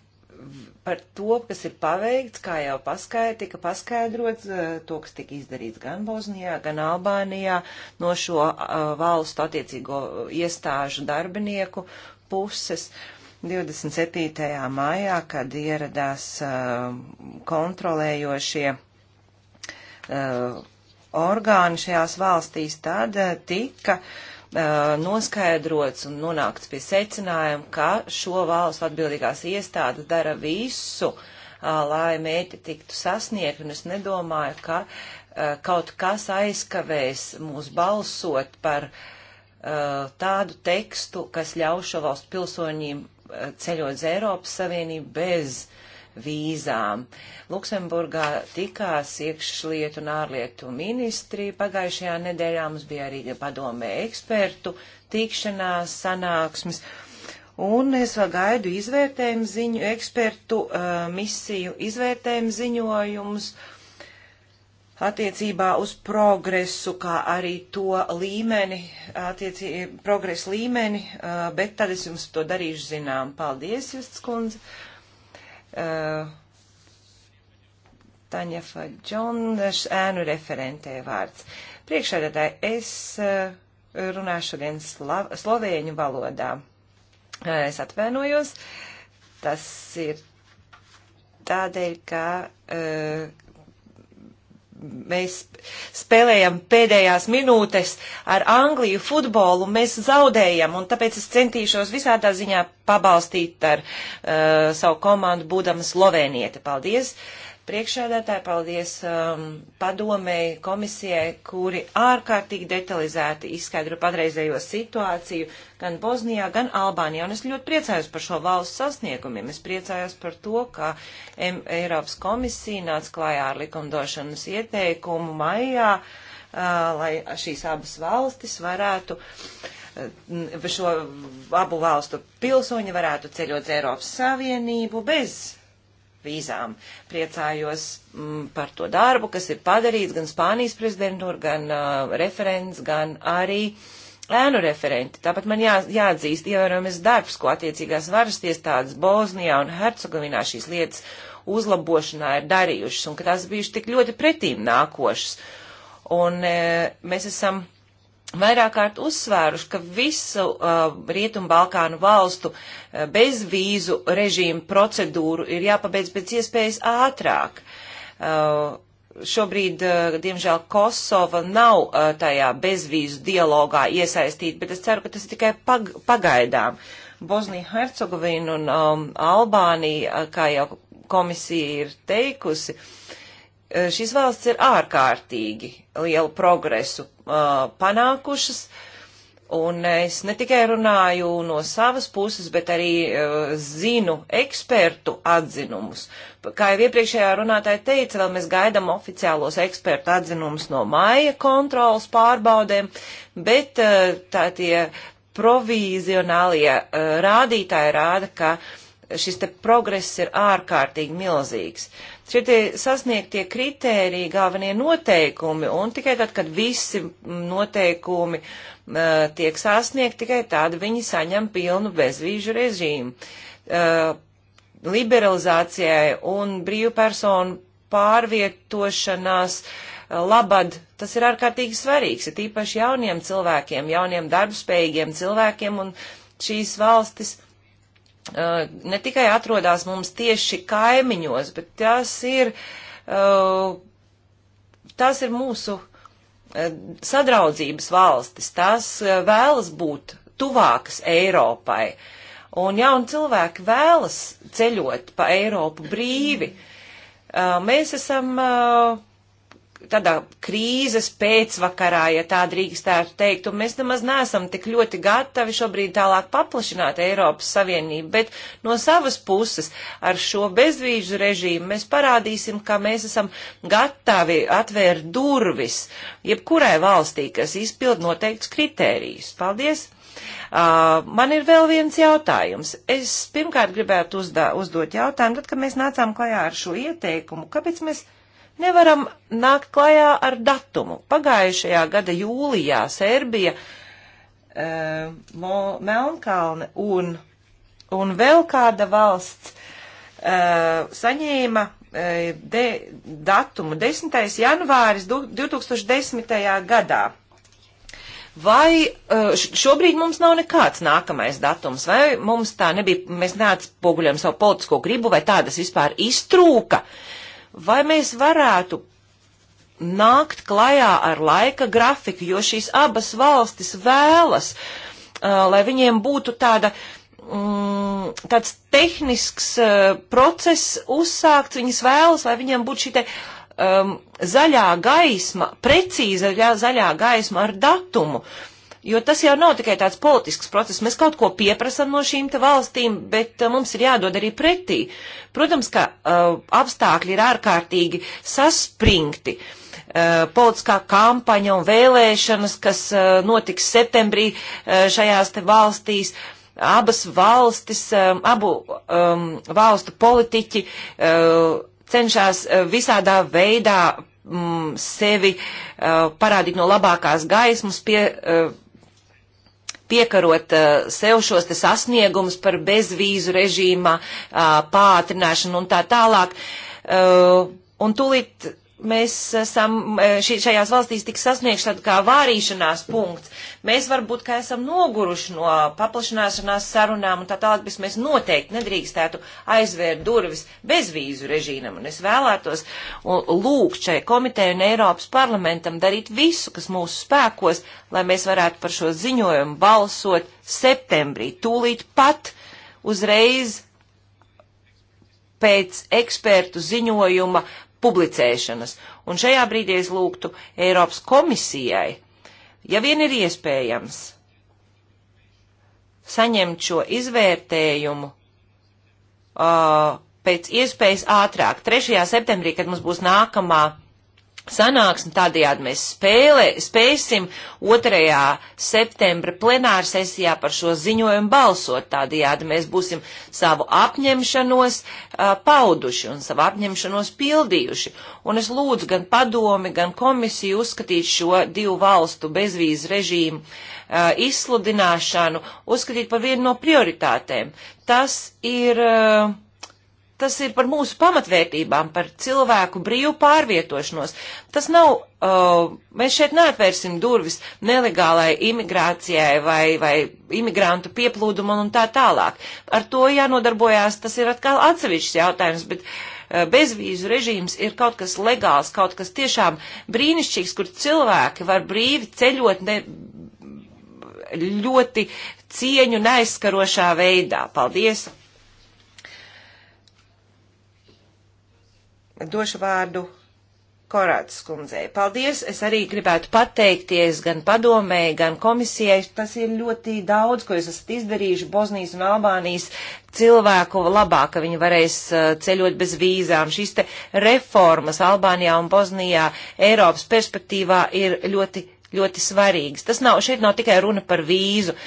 par to, kas ir paveikts, kā jau paskaidr, tika paskaidrots, eh, to, kas tika izdarīts gan Bosnijā, gan Albānijā no šo eh, valstu attiecīgo iestāžu darbinieku puses. 27. maijā, kad ieradās eh, kontrolējošie orgāni šajās valstīs, tad tika uh, noskaidrots un nonākts pie secinājuma, ka šo valstu atbildīgās iestādes dara visu, lai mērķi tiktu sasniegti, un es nedomāju, ka kaut kas aizkavēs mūs balsot par tādu tekstu, kas ļauj šo valstu pilsoņiem ceļot uz Eiropas Savienību bez uh, vīzām. Luksemburgā tikās iekšlietu un ārlietu ministri. Pagājušajā nedēļā mums bija arī padomē ekspertu tikšanās sanāksmes. Un es vēl gaidu izvērtējumu ziņu, ekspertu uh, misiju izvērtējumu ziņojumus attiecībā uz progresu, kā arī to līmeni, attiecī, progresu līmeni, eh, bet tad es jums to darīšu zinām. Paldies, Justs kundze. Tanja Faģondaš ēnu referentē vārds. Priekšādātāji, es eh, runāšu šodien slav, slovēņu valodā. Eh, es atvainojos. Tas ir tādēļ, ka uh, mēs spēlējam pēdējās minūtes ar Angliju futbolu, mēs zaudējam, un tāpēc es centīšos visādā ziņā pabalstīt ar uh, savu komandu, būdama Slovenieta. Paldies! Uh, priekšādātāji, paldies um, padomēji, komisijai, kuri ārkārtīgi detalizēti izskaidro patreizējo situāciju gan Bosnijā, gan Albānijā. Un es ļoti priecājos par šo valsts sasniegumiem. Es priecājos par to, ka M Eiropas komisija nāca klājā ar likumdošanas ieteikumu maijā, uh, lai šīs abas valstis varētu. Uh, šo abu valstu pilsoņi varētu ceļot Eiropas Savienību bez vīzām. Priecājos m, mm, par to darbu, kas ir padarīts gan Spānijas prezidentūra, gan uh, referents, gan arī ēnu referenti. Tāpat man jā, jāatzīst ievērojamies darbs, ko attiecīgās varas tiestādes Bosnijā un Hercegovinā šīs lietas uzlabošanā ir darījušas un ka tās bijušas tik ļoti pretīm nākošas. Un e, mēs esam vairāk kārt uzsvēruši, ka visu uh, Rietumbalkānu valstu uh, bezvīzu režīmu procedūru ir jāpabeidz pēc iespējas ātrāk. Uh, šobrīd, uh, diemžēl, Kosova nav uh, tajā bezvīzu dialogā iesaistīta, bet es ceru, ka tas ir tikai pag pagaidām. Bosnija, Hercegovina un um, Albānija, uh, kā jau komisija ir teikusi, uh, Eh, šīs valsts ir ārkārtīgi lielu progresu uh, panākušas. Un es ne tikai runāju no savas puses, bet arī uh, zinu ekspertu atzinumus. Kā jau iepriekšējā runātāja teica, vēl mēs gaidām oficiālos ekspertu atzinumus no māja kontrolas pārbaudēm, bet uh, tā tie provīzionālie uh, rādītāji rāda, ka šis te progress ir ārkārtīgi milzīgs. Uh, Šie tie sasniegtie kritēriji, galvenie noteikumi, un tikai tad, kad visi noteikumi uh, tiek sasniegti, tikai tad viņi saņem pilnu bezvīžu režīmu. Uh, liberalizācijai un brīvpersonu pārvietošanās eh, labad, tas ir ārkārtīgi svarīgs, ir tīpaši jauniem cilvēkiem, jauniem darbspējīgiem cilvēkiem, un šīs valstis Eh, ne tikai atrodas mums tieši kaimiņos, bet tas ir, eh, tas ir mūsu eh, sadraudzības valstis, tās vēlas būt tuvākas Eiropai. Un jauni cilvēki vēlas ceļot pa Eiropu brīvi. Mēs esam uh, tādā krīzes pēcvakarā, ja tā drīkstētu teikt, un mēs nemaz neesam tik ļoti gatavi šobrīd tālāk paplašināt Eiropas Savienību, bet no savas puses ar šo bezvīžu režīmu mēs parādīsim, ka mēs esam gatavi atvērt durvis jebkurai valstī, kas izpild noteikts kritērijus. Paldies! Uh, man ir vēl viens jautājums. Es pirmkārt gribētu uzdā, uzdot jautājumu, tad, kad mēs nācām klajā ar šo ieteikumu, kāpēc mēs nevaram nākt klajā ar datumu. Pagājušajā gada jūlijā Serbija, eh, Melnkalne un, un vēl kāda valsts eh, saņēma eh, de, datumu 10. janvāris 2010. gadā. Vai eh, šobrīd mums nav nekāds nākamais datums, vai mums tā nebija, mēs neatspoguļojam savu politisko gribu, vai tādas vispār iztrūka? Uh, vai mēs varētu nākt klajā ar laika grafiku, jo šīs abas valstis vēlas, uh, lai viņiem būtu tāda mm, tāds tehnisks uh, process uzsākts, viņas vēlas, lai viņiem būtu šī te um, zaļā gaisma, precīza zaļā gaisma ar datumu. Uh, Jo tas jau nav tikai tāds politisks process. Mēs kaut ko pieprasam no šīm te valstīm, bet uh, mums ir jādod arī pretī. Protams, ka uh, apstākļi ir ārkārtīgi saspringti. Uh, politiskā kampaņa un vēlēšanas, kas uh, notiks septembrī uh, šajās te valstīs. Abas valstis, um, abu um, valstu politiķi uh, cenšas uh, visādā veidā mm, sevi uh, parādīt no labākās gaismas, pie, uh, piekarot uh, sev šos te sasniegumus par bezvīzu režīma uh, pātrināšanu un tā tālāk. Uh, un tūlīt mēs esam, e, ši, šajās valstīs tiks sasniegts tāda kā vārīšanās punkts. Mēs varbūt, ka esam noguruši no paplašanāšanās sarunām un tā tālāk, bet mēs noteikti nedrīkstētu aizvērt durvis bezvīzu režīmam. Un es vēlētos lūgt šai komiteju un Eiropas parlamentam darīt visu, kas mūsu spēkos, lai mēs varētu par šo ziņojumu balsot septembrī, tūlīt pat uzreiz pēc ekspertu ziņojuma publicēšanas. Un šajā brīdī es lūgtu Eiropas komisijai, ja vien ir iespējams, saņemt šo izvērtējumu uh, pēc iespējas ātrāk, 3. septembrī, kad mums būs nākamā sanāksmi, tādējādi mēs spēlē, spēsim 2. septembra plenāra sesijā par šo ziņojumu balsot, tādējādi mēs būsim savu apņemšanos uh, pauduši un savu apņemšanos pildījuši. Un es lūdzu gan padomi, gan komisiju uzskatīt šo divu valstu bezvīzu režīmu uh, izsludināšanu, uzskatīt par vienu no prioritātēm. Tas ir. Uh, tas ir par mūsu pamatvērtībām, par cilvēku brīvu pārvietošanos. Tas nav, uh, mēs šeit neatvērsim durvis nelegālai imigrācijai vai, vai imigrantu pieplūdumam un tā tālāk. Ar to jānodarbojās, tas ir atkal atsevišķs jautājums, bet uh, bezvīzu režīms ir kaut kas legāls, kaut kas tiešām brīnišķīgs, kur cilvēki var brīvi ceļot ne, ļoti cieņu neaizskarošā veidā. Paldies! došu vārdu Korāts skundzei. Paldies! Es arī gribētu pateikties gan padomēji, gan komisijai. Tas ir ļoti daudz, ko jūs esat izdarījuši Bosnijas un Albānijas cilvēku labā, ka viņi varēs uh, ceļot bez vīzām. Šīs te reformas Albānijā un Bosnijā Eiropas perspektīvā ir ļoti, ļoti svarīgas. Tas nav, šeit nav tikai runa par vīzu.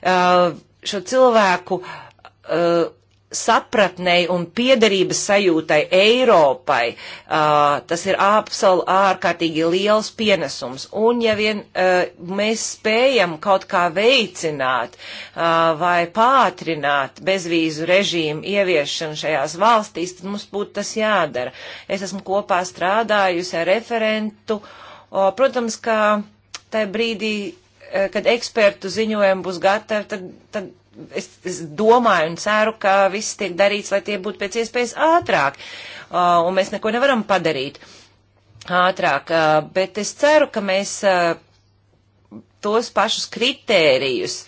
Uh, šo cilvēku uh, sapratnei un piederības sajūtai Eiropai. Uh, tas ir absol ārkārtīgi liels pienesums. Un ja vien uh, mēs spējam kaut kā veicināt uh, vai pātrināt bezvīzu režīmu ieviešanu šajās valstīs, tad mums būtu tas jādara. Es esmu kopā strādājusi ar referentu. O, protams, ka tajā brīdī, kad ekspertu ziņojumi būs gatavi, tad, tad es, es domāju un ceru, ka viss tiek darīts, lai tie būtu pēc iespējas ātrāk, uh, un mēs neko nevaram padarīt ātrāk, uh, bet es ceru, ka mēs uh, tos pašus kritērijus,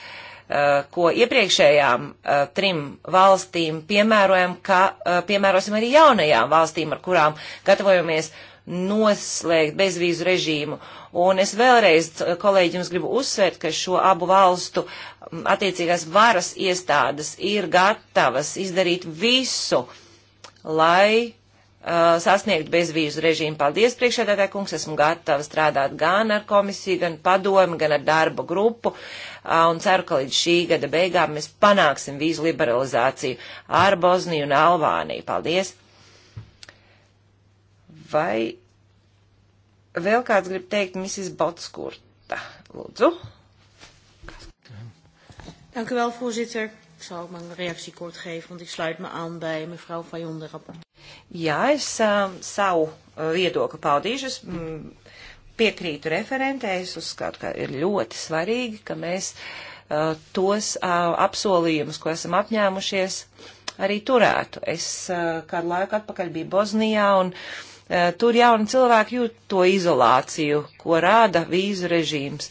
uh, ko iepriekšējām uh, trim valstīm piemērojam, ka uh, piemērosim arī jaunajām valstīm, ar kurām gatavojamies noslēgt bezvīzu režīmu. Un es vēlreiz, kolēģi, jums gribu uzsvērt, ka šo abu valstu mm, attiecīgās varas iestādes ir gatavas izdarīt visu, lai uh, sasniegt bezvīzu režīmu. Paldies, priekšēdētāj kungs, esmu gatava strādāt gan ar komisiju, gan padomi, gan ar darba grupu, uh, un ceru, ka līdz šī gada beigām mēs panāksim vīzu liberalizāciju ar Bozniju un Albāniju. Paldies! Vai vēl kāds grib teikt Mrs. Botskurta? Lūdzu. Dank u wel, voorzitter. Ik zal ook mijn reactie kort geven, want ik sluit me aan bij mevrouw Fajon de rapport. Ja, es um, savu eh, viedokli paudīšu. Es mm, piekrītu referentē. Es uzskatu, ka ir ļoti svarīgi, ka mēs uh, tos uh, apsolījumus, ko esam apņēmušies, arī turētu. Es uh, kādu laiku atpakaļ biju Bosnijā un uh, Eh, tur jauni cilvēki jūt to izolāciju, ko rāda vīzu režīms.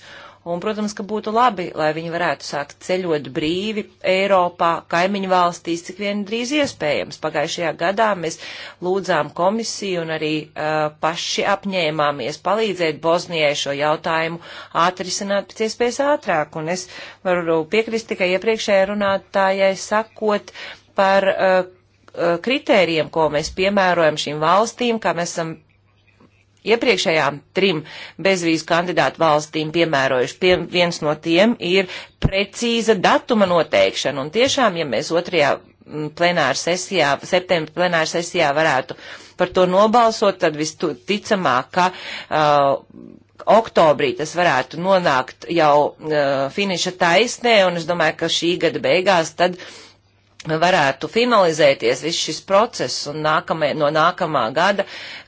Un, protams, ka būtu labi, lai viņi varētu sākt ceļot brīvi Eiropā, kaimiņu valstīs, cik vien drīz iespējams. Pagājušajā gadā mēs lūdzām komisiju un arī uh, paši apņēmāmies palīdzēt Bosnijai šo jautājumu atrisināt pēc iespējas ātrāk. Un es varu piekrist tikai iepriekšējai runātājai sakot par uh, Eh, kritērijiem, ko mēs piemērojam šīm valstīm, kā mēs esam iepriekšējām trim bezvīzu kandidātu valstīm piemērojuši. Pie, viens no tiem ir precīza datuma noteikšana. Un tiešām, ja mēs otrajā mm, plenāra sesijā, septembra plenāra sesijā varētu par to nobalsot, tad visticamāk, ka uh, oktobrī tas varētu nonākt jau uh, finiša taisnē, un es domāju, ka šī gada beigās tad uh, varētu finalizēties viss šis process un nākamē, no nākamā gada,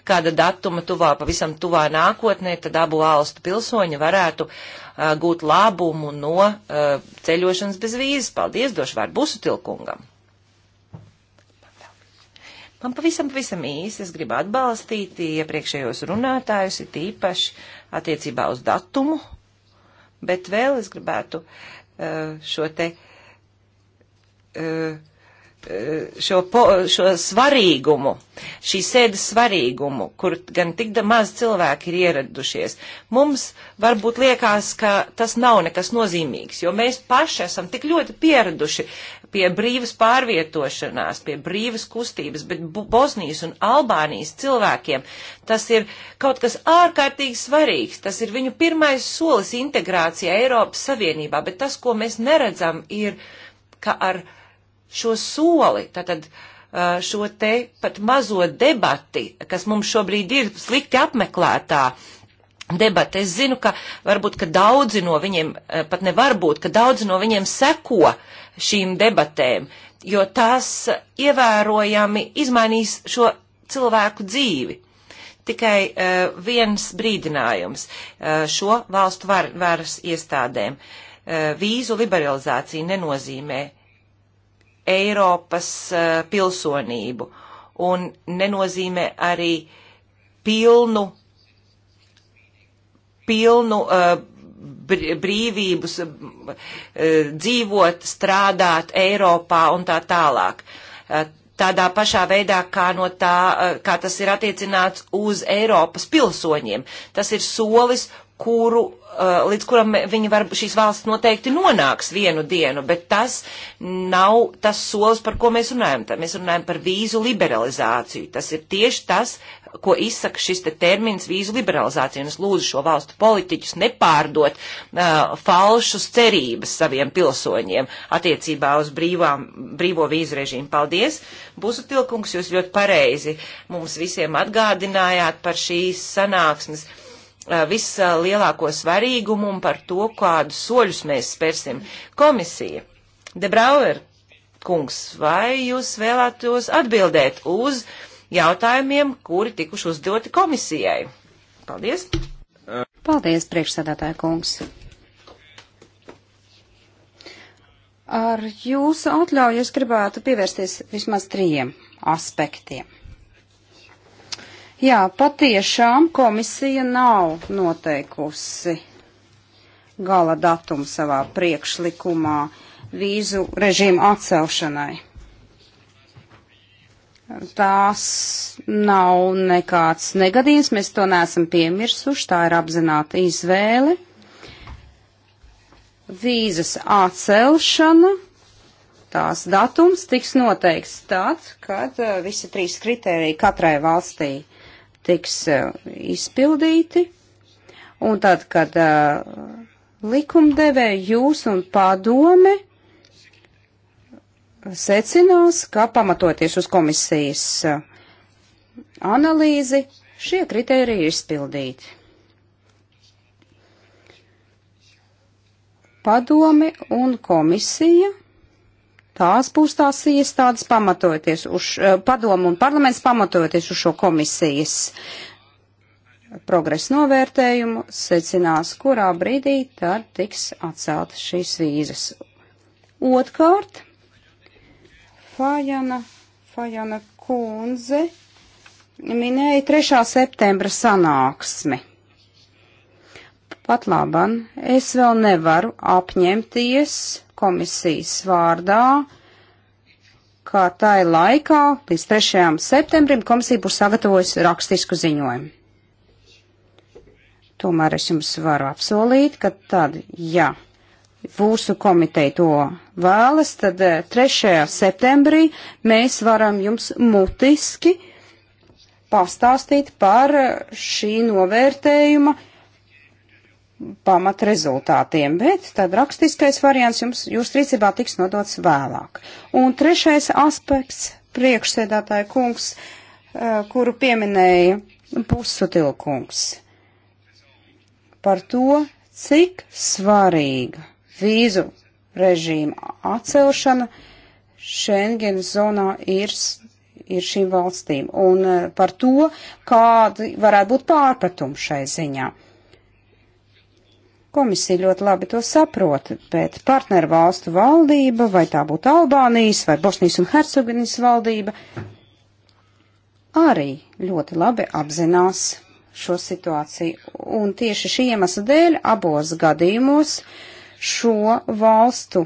kāda datuma tuvā, pavisam tuvā nākotnē, tad abu valstu pilsoņi varētu uh, gūt labumu no uh, ceļošanas bez vīzes. Paldies, došu vārdu Busutilkungam. Man pavisam, pavisam īsi, es gribu atbalstīt iepriekšējos runātājus, it īpaši attiecībā uz datumu, bet vēl es gribētu uh, šo te. Uh, šo, po, šo svarīgumu, šīs sēdes svarīgumu, kur gan tik maz cilvēki ir ieradušies, mums varbūt liekas, ka tas nav nekas nozīmīgs, jo mēs paši esam tik ļoti pieraduši pie brīvas pārvietošanās, pie brīvas kustības, bet Bosnijas un Albānijas cilvēkiem tas ir kaut kas ārkārtīgi svarīgs, tas ir viņu pirmais solis integrācijā Eiropas Savienībā, bet tas, ko mēs neredzam, ir, ka ar uh, šo soli, tātad šo te pat mazo debati, kas mums šobrīd ir slikti apmeklētā debata. Es zinu, ka varbūt, ka daudzi no viņiem, pat nevar būt, ka daudzi no viņiem seko šīm debatēm, jo tās ievērojami izmainīs šo cilvēku dzīvi. Tikai uh, viens brīdinājums uh, šo valstu var, varas iestādēm. Uh, vīzu liberalizācija nenozīmē Eiropas uh, pilsonību un nenozīmē arī pilnu, pilnu uh, brīvības uh, dzīvot, strādāt Eiropā un tā tālāk. Uh, tādā pašā veidā, kā, no tā, kā tas ir attiecināts uz Eiropas pilsoņiem. Tas ir solis, kuru Uh, līdz kuram viņi var, šīs valsts noteikti nonāks vienu dienu, bet tas nav tas solis, par ko mēs runājam. Tā mēs runājam par vīzu liberalizāciju. Tas ir tieši tas, ko izsaka šis te termins vīzu liberalizācija. Un es lūdzu šo valstu politiķus nepārdot uh, falšus cerības saviem pilsoņiem attiecībā uz brīvām, brīvo vīzu režīmu. Paldies! Būsu tilkungs, jūs ļoti pareizi mums visiem atgādinājāt par šīs sanāksmes. Uh, Eh, vislielāko svarīgumu un par to, kādus soļus mēs spērsim. Komisija, De Brauer kungs, vai jūs vēlētos atbildēt uz jautājumiem, kuri tikuši uzdoti komisijai? Paldies! Paldies, priekšsēdētāja kungs! Ar jūsu atļauju es gribētu pievērsties vismaz trījiem aspektiem. Jā, patiešām komisija nav noteikusi gala datumu savā priekšlikumā vīzu režīmu atcelšanai. Tās nav nekāds negadījums, mēs to neesam piemirsuši, tā ir apzināta izvēle. Vīzas atcelšana, tās datums tiks noteikts tad, kad eh, visi trīs kritēriji katrai valstī tiks eh, izpildīti, un tad, kad eh, likumdevē jūs un padome secinās, ka pamatoties uz komisijas eh, analīzi, šie kriteriji ir izpildīti. Padome un komisija Tās būs tās iestādes pamatojoties uz eh, padomu un parlaments pamatojoties uz šo komisijas progresu novērtējumu, secinās, kurā brīdī tad tiks atcelta šīs vīzas. Otkārt, Fajana, Fajana kundze minēja 3. septembra sanāksmi. Pat laban, es vēl nevaru apņemties komisijas vārdā, ka tai laikā līdz 3. septembrim komisija būs sagatavojusi rakstisku ziņojumu. Tomēr es jums varu apsolīt, ka tad, ja mūsu komiteja to vēlas, tad 3. Eh, septembrī mēs varam jums mutiski pastāstīt par eh, šī novērtējuma pamat rezultātiem, bet tad rakstiskais variants jums, jūs rīcībā tiks nodots vēlāk. Un trešais aspekts, priekšsēdātāja kungs, eh, kuru pieminēja pusutilkungs, par to, cik svarīga vīzu režīma atcelšana Schengen zonā ir ir šīm valstīm un eh, par to, kādi varētu būt pārpratumi šai ziņā. Komisija ļoti labi to saprot, bet partneru valstu valdība, vai tā būtu Albānijas vai Bosnijas un Hercegovinas valdība, arī ļoti labi apzinās šo situāciju. Un tieši šī iemesla dēļ abos gadījumos šo valstu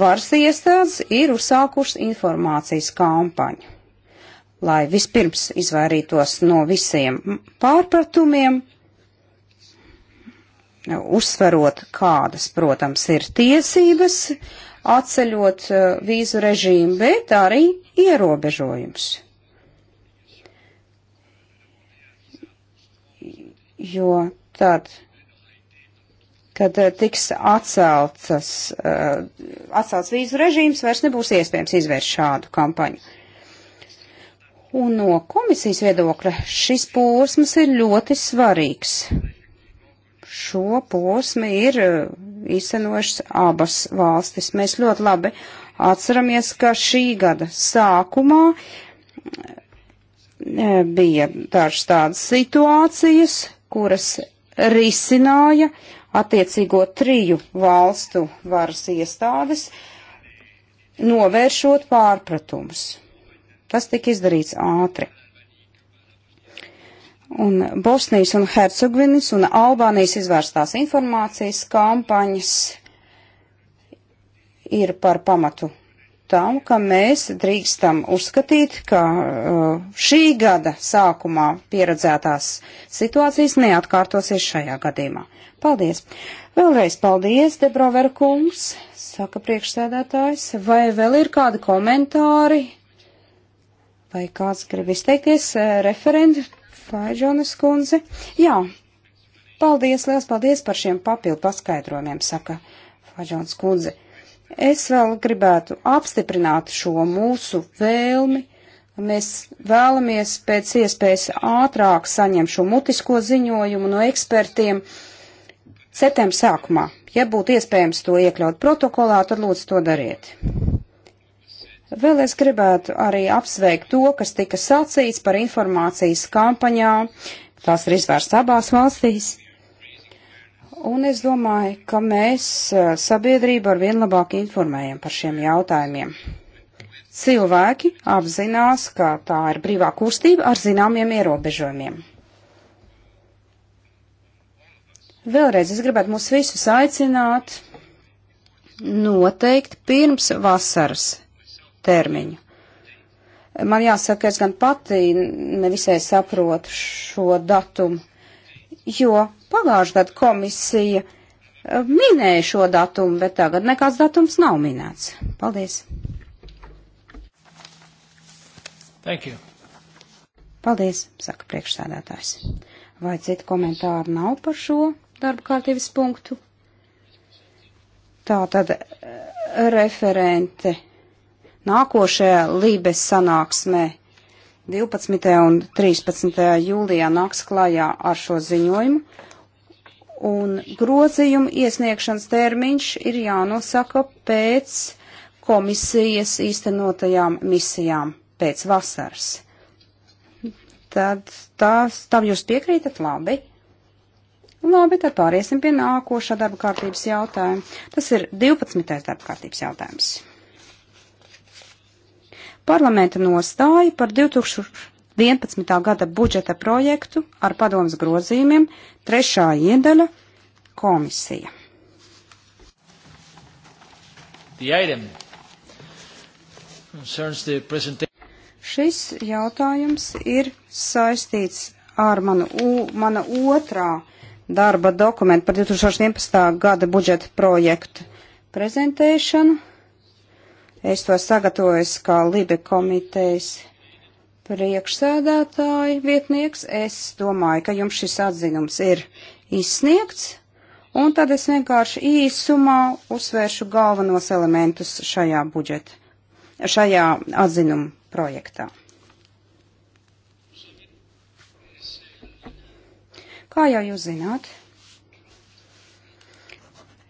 varas iestādes ir uzsākušas informācijas kampaņu, lai vispirms izvairītos no visiem pārpratumiem uzsverot, kādas, protams, ir tiesības, atceļot eh, vīzu režīmu, bet arī ierobežojums. Jo tad, kad eh, tiks atceltas, eh, atcelts vīzu režīms, vairs nebūs iespējams izvērst šādu kampaņu. Un no komisijas viedokļa šis posms ir ļoti svarīgs šo posmi ir uh, īstenojušas abas valstis. Mēs ļoti labi atceramies, ka šī gada sākumā uh, bija dažas tādas situācijas, kuras risināja attiecīgo triju valstu varas iestādes, novēršot pārpratumus. Tas tika izdarīts ātri un Bosnijas un Hercegovinas un Albānijas izvērstās informācijas kampaņas ir par pamatu tam, ka mēs drīkstam uzskatīt, ka uh, šī gada sākumā pieredzētās situācijas neatkārtosies šajā gadījumā. Paldies! Vēlreiz paldies, Debrover kungs, saka priekšsēdētājs. Vai vēl ir kādi komentāri? Vai kāds grib izteikties eh, referenti? Faidžonas kundze. Jā, paldies, liels paldies par šiem papildu paskaidrojumiem, saka Faidžonas kundze. Es vēl gribētu apstiprināt šo mūsu vēlmi. Mēs vēlamies pēc iespējas ātrāk saņemt šo mutisko ziņojumu no ekspertiem septembra sākumā. Ja būtu iespējams to iekļaut protokolā, tad lūdzu to dariet. Vēl es gribētu arī apsveikt to, kas tika sacīts par informācijas kampaņām. Tās ir izvērsts abās valstīs. Un es domāju, ka mēs eh, sabiedrību ar vien labāk informējam par šiem jautājumiem. Cilvēki apzinās, ka tā ir brīvā kustība ar zināmiem ierobežojumiem. Vēlreiz es gribētu mūs visus aicināt noteikt pirms vasaras termiņu. Man jāsaka, es gan pati nevisai saprotu šo datumu, jo pagājušajā gadā komisija eh, minēja šo datumu, bet tagad nekāds datums nav minēts. Paldies! Thank you. Paldies, saka priekšsēdētājs. Vai citu komentāru nav par šo darba kārtības punktu? Tā tad eh, referente Nākošajā Lībes sanāksmē 12. un 13. jūlijā nāks klajā ar šo ziņojumu, un grozījumu iesniegšanas termiņš ir jānosaka pēc komisijas īstenotajām misijām pēc vasaras. Tad tās, tam jūs piekrītat labi? Labi, tad pāriesim pie nākošā darba kārtības jautājuma. Tas ir 12. darba kārtības jautājums parlamenta nostāja par 2011. gada budžeta projektu ar padomas grozījumiem trešā iedaļa komisija. Šis jautājums ir saistīts ar manu, mana otrā darba dokumentu par 2018. gada budžeta projektu prezentēšanu. Es to sagatavojos kā Libe komitejas priekšsēdētāja vietnieks. Es domāju, ka jums šis atzinums ir izsniegts, un tad es vienkārši īsumā uzsvēršu galvenos elementus šajā budžeta, šajā atzinuma projektā. Kā jau jūs zināt,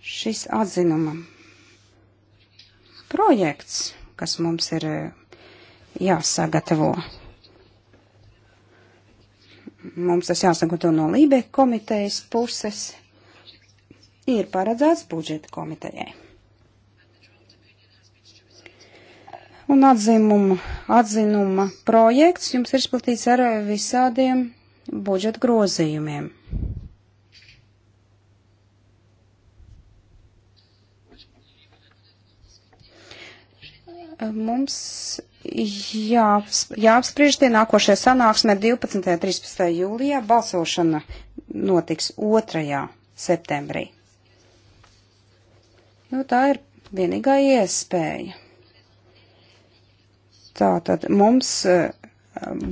šis atzinumam projekts, kas mums ir eh, jāsagatavo. Mums tas jāsagatavo no Lībe komitejas puses. Ir paredzēts budžeta komitejai. Un atzinuma, atzinuma projekts jums ir izplatīts ar visādiem budžeta grozījumiem. Mums jā, jāapspriež tie nākošie sanāksmē 12. un 13. jūlijā. Balsošana notiks 2. septembrī. Nu, tā ir vienīgā iespēja. Tātad mums eh,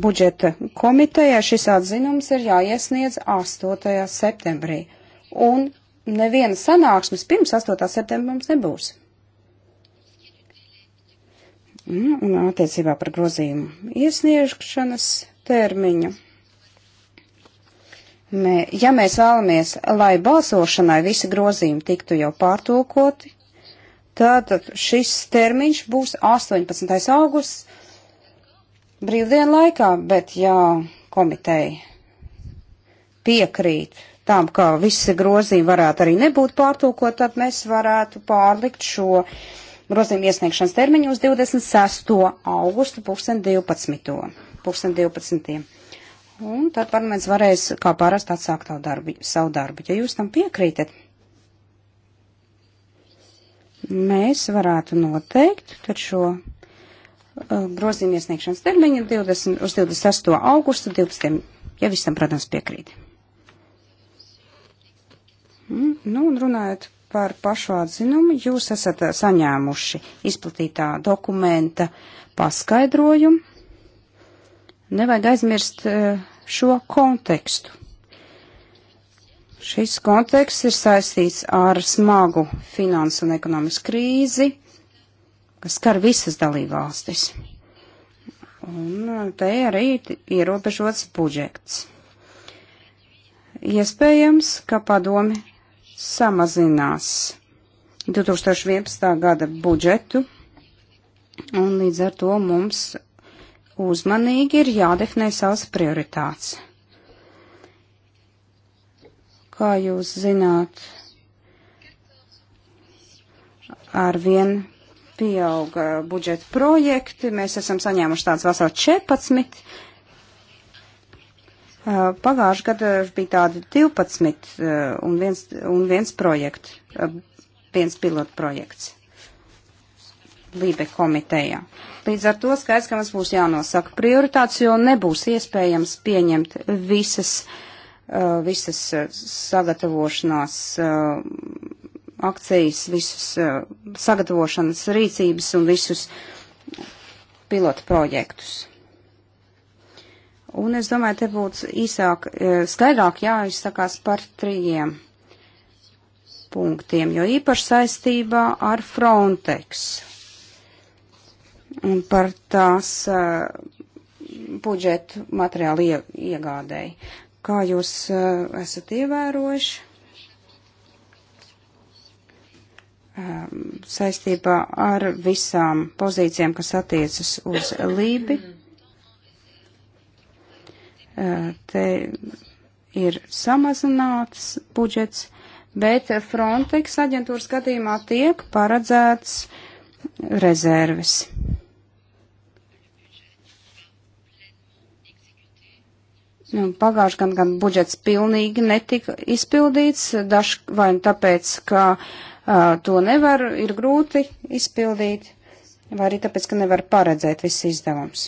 budžeta komitejā šis atzinums ir jāiesniedz 8. septembrī. Un neviena sanāksmes pirms 8. septembra mums nebūs. Nu, un attiecībā par grozījumu iesniegšanas termiņu. Mē, ja mēs vēlamies, lai balsošanai visi grozījumi tiktu jau pārtulkoti, tad šis termiņš būs 18. augusts brīvdienu laikā, bet ja komiteja piekrīt tam, ka visi grozījumi varētu arī nebūt pārtulkot, tad mēs varētu pārlikt šo uh, grozījuma iesniegšanas termiņu uz 26. augustu 2012. 2012. Un tad parlaments varēs kā parasti atsākt darbu, savu darbu. Ja jūs tam piekrītat, mēs varētu noteikt šo uh, grozījuma iesniegšanas termiņu 20, uz 28. augustu 12. Ja visam, protams, piekrīt. Mm, nu, un runājot par pašu atzinumu. Jūs esat eh, saņēmuši izplatītā dokumenta paskaidrojumu. Nevajag aizmirst eh, šo kontekstu. Šis konteksts ir saistīts ar smagu finansu un ekonomisku krīzi, kas skar visas dalībvalstis. Un eh, te arī ierobežots budžets. Iespējams, ka padomi samazinās 2011. gada budžetu, un līdz ar to mums uzmanīgi ir jādefinē savas prioritātes. Kā jūs zināt, arvien pieauga budžeta projekti. Mēs esam saņēmuši tāds vasarā 14 Eh, pagājuši gadu bija tādi 12 eh, un viens, un viens projekts, eh, viens pilotu projekts Lībe komitejā. Līdz ar to skaidrs, ka mums būs jānosaka prioritātes, jo nebūs iespējams pieņemt visas, visas sagatavošanās akcijas, visus sagatavošanas rīcības un visus pilotu projektus. Un es domāju, te būtu īsāk, e, skaidrāk jāizsakās par trījiem punktiem, jo īpaši saistībā ar Frontex un par tās uh, budžetu materiālu ie, iegādēji. Kā jūs uh, esat ievērojuši? Um, saistībā ar visām pozīcijām, kas attiecas uz Lībi. Mm -hmm. Eh, te ir samazināts budžets, bet Frontex aģentūras gadījumā tiek paredzēts rezerves. Nu, pagājuši gan, gan budžets pilnīgi netika izpildīts, daž vai nu tāpēc, ka uh, to nevar, ir grūti izpildīt vai arī tāpēc, ka nevar paredzēt visus izdevumus.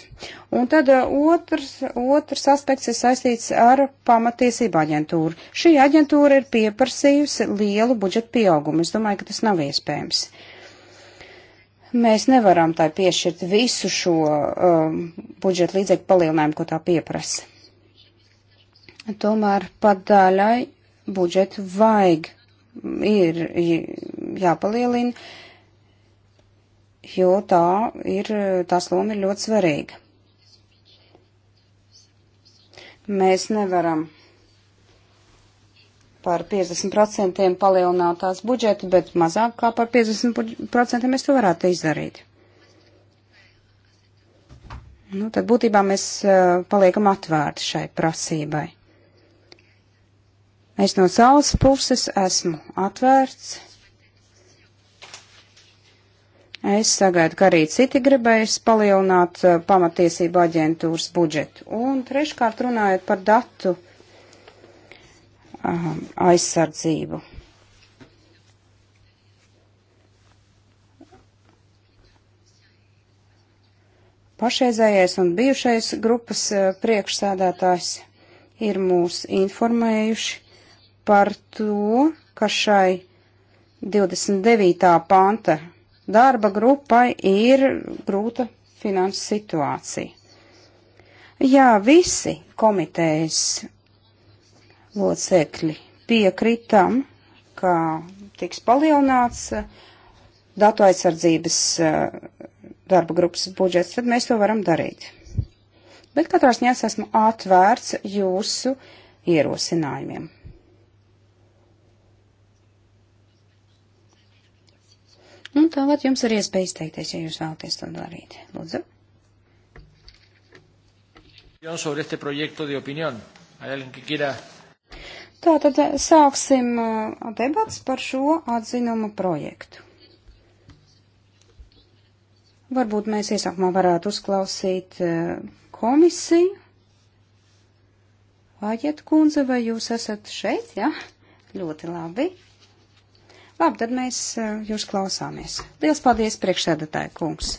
Un tad uh, otrs, otrs aspekts ir saistīts ar pamatiesību aģentūru. Šī aģentūra ir pieprasījusi lielu budžetu pieaugumu. Es domāju, ka tas nav iespējams. Mēs nevaram tai piešķirt visu šo um, budžetu līdzekļu palielinājumu, ko tā pieprasa. Tomēr pat daļai budžetu vajag ir jāpalielina jo tā ir, tās loma ir ļoti svarīga. Mēs nevaram par 50% palielināt tās budžetu, bet mazāk kā par 50% mēs to varētu izdarīt. Nu, tad būtībā mēs paliekam atvērti šai prasībai. Es no savas puses esmu atvērts Es sagaidu, ka arī citi gribēs palielināt eh, pamatiesību aģentūras budžetu. Un treškārt runājot par datu um, aizsardzību. Pašreizējais un bijušais grupas eh, priekšsēdētājs ir mūs informējuši par to, ka šai 29. panta darba grupai ir grūta finanses situācija. Jā, visi komitejas locekļi piekritam, ka tiks palielināts eh, datu aizsardzības eh, darba grupas budžets, tad mēs to varam darīt. Bet katrā ziņā esmu atvērts jūsu ierosinājumiem. Un nu, tālāk jums ir iespēja izteikties, ja jūs vēlaties to darīt. Lūdzu. Sobre este proyecto de opinión. Hay alguien que quiera Tā tad eh, sāksim eh, debats par šo atzinuma projektu. Varbūt mēs iesākumā varētu uzklausīt eh, komisiju. Vāģiet kundze, vai jūs esat šeit, jā? Ja? Ļoti labi. Labi, tad mēs eh, jūs klausāmies. Lielas paldies, priekšsēdētāji kungs!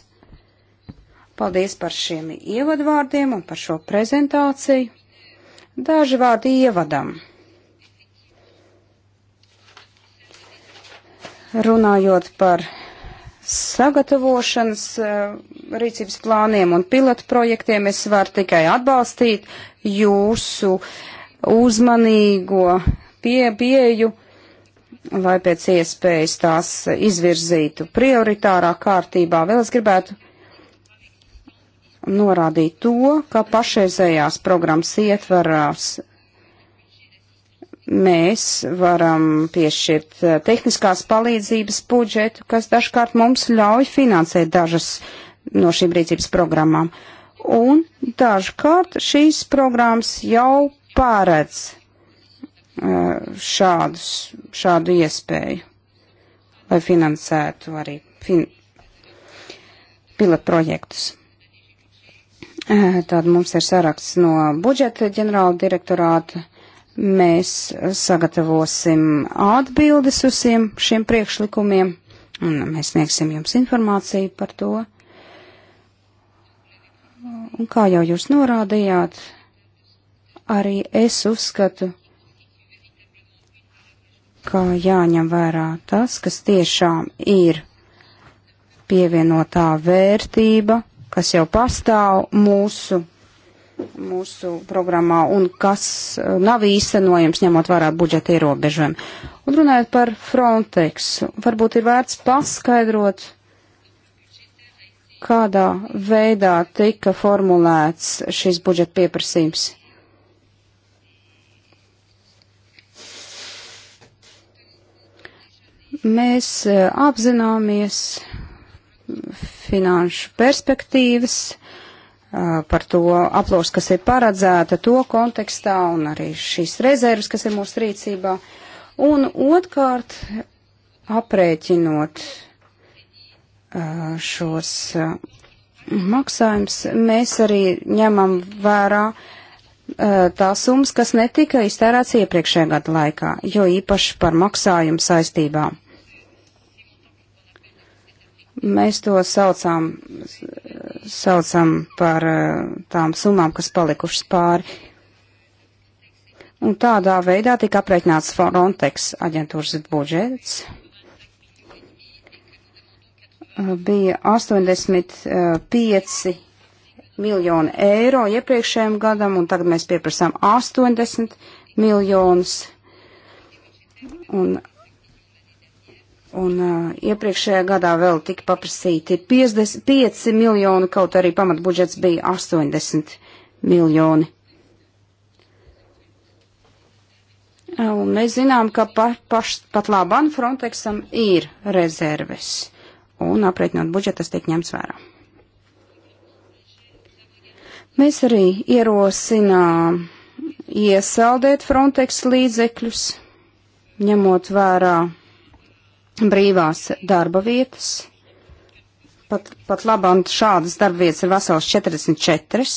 Paldies par šiem ievadvārdiem un par šo prezentāciju. Daži vārdi ievadam. Runājot par sagatavošanas eh, rīcības plāniem un pilotu projektiem, es varu tikai atbalstīt jūsu uzmanīgo pie, pieju. Pie lai pēc iespējas tās izvirzītu prioritārā kārtībā. Vēl es gribētu norādīt to, ka pašreizējās programmas ietvarās mēs varam piešķirt eh, tehniskās palīdzības budžetu, kas dažkārt mums ļauj finansēt dažas no šīm rīcības programmām. Un dažkārt šīs programmas jau pārēdz Eh, šādus, šādu iespēju, lai finansētu arī fin pilotprojektus. Eh, tad mums ir saraksts no budžeta ģenerāla direktorāta. Mēs sagatavosim atbildes uz šiem priekšlikumiem, un mēs sniegsim jums informāciju par to. Un kā jau jūs norādījāt, arī es uzskatu, ka jāņem vērā tas, kas tiešām ir pievienotā vērtība, kas jau pastāv mūsu, mūsu programmā un kas uh, nav īstenojams, ņemot vērā budžeta ierobežojumu. Un runājot par Frontex, varbūt ir vērts paskaidrot, kādā veidā tika formulēts šis budžeta pieprasījums. Mēs e, apzināmies finanšu perspektīvas, e, par to aplos, kas ir paredzēta to kontekstā un arī šīs rezervas, kas ir mūsu rīcībā. Un otrkārt, aprēķinot e, šos maksājums, mēs arī ņemam vērā tās summas, kas netika iztērēts iepriekšējā gada laikā, jo īpaši par maksājumu saistībām. Mēs to saucām, saucām par eh, tām summām, kas palikušas pāri. Un tādā veidā tika aprēķināts Frontex aģentūras budžets. Eh, bija 85 eh, miljoni eiro iepriekšējiem gadam, un tagad mēs pieprasām 80 miljonus. Un Un uh, iepriekšējā gadā vēl tika paprasīti 55 miljoni, kaut arī pamatbudžets bija 80 miljoni. Un mēs zinām, ka pa, paš, pat labam Frontexam ir rezerves. Un aprēķinot budžetas tiek ņemts vērā. Mēs arī ierosinām iesaldēt Frontex līdzekļus, ņemot vērā brīvās darba vietas. Pat, pat labam šādas darba vietas ir vesels 44.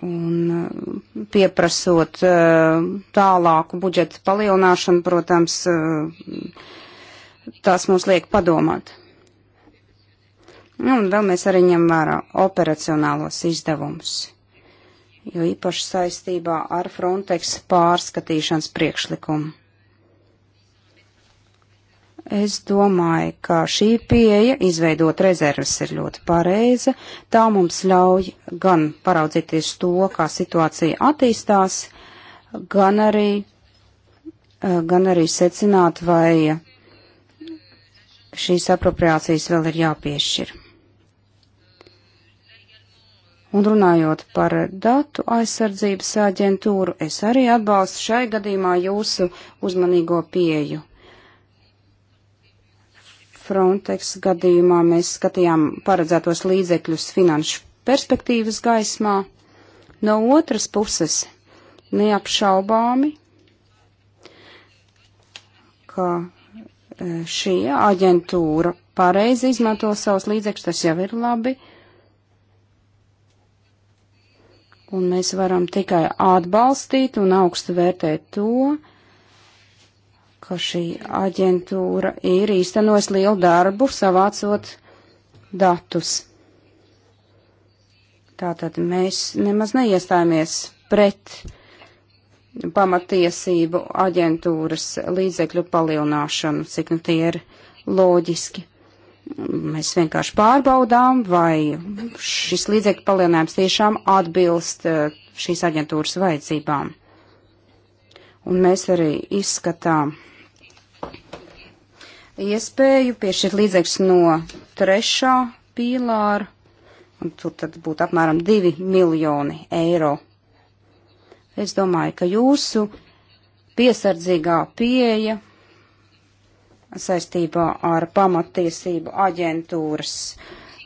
Un uh, pieprasot uh, tālāku budžeta palielināšanu, protams, uh, tās mums liek padomāt. Nu, un vēl mēs arī ņem vērā operacionālos izdevumus jo īpaši saistībā ar Frontex pārskatīšanas priekšlikumu. Es domāju, ka šī pieeja izveidot rezerves ir ļoti pareiza. Tā mums ļauj gan paraudzīties to, kā situācija attīstās, gan arī, eh, gan arī secināt, vai šīs apropriācijas vēl ir jāpiešķir. Un runājot par datu aizsardzības aģentūru, es arī atbalstu šai gadījumā jūsu uzmanīgo pieju. Frontex gadījumā mēs skatījām paredzētos līdzekļus finanšu perspektīvas gaismā. No otras puses, neapšaubāmi, ka e, šī aģentūra pareizi izmanto savus līdzekļus, tas jau ir labi Un mēs varam tikai atbalstīt un augstu vērtēt to, ka šī aģentūra ir īstenos lielu darbu savācot datus. Tātad mēs nemaz neiestājamies pret pamatiesību aģentūras līdzekļu palielināšanu, cik nu tie ir loģiski. Mēs vienkārši pārbaudām, vai šis līdzekļu palielinājums tiešām atbilst eh, šīs aģentūras vajadzībām. Un mēs arī izskatām iespēju piešķirt līdzekļus no trešā pīlāra, un tur tad būtu apmēram 2 miljoni eiro. Es domāju, ka jūsu piesardzīgā pieeja saistībā ar pamatiesību aģentūras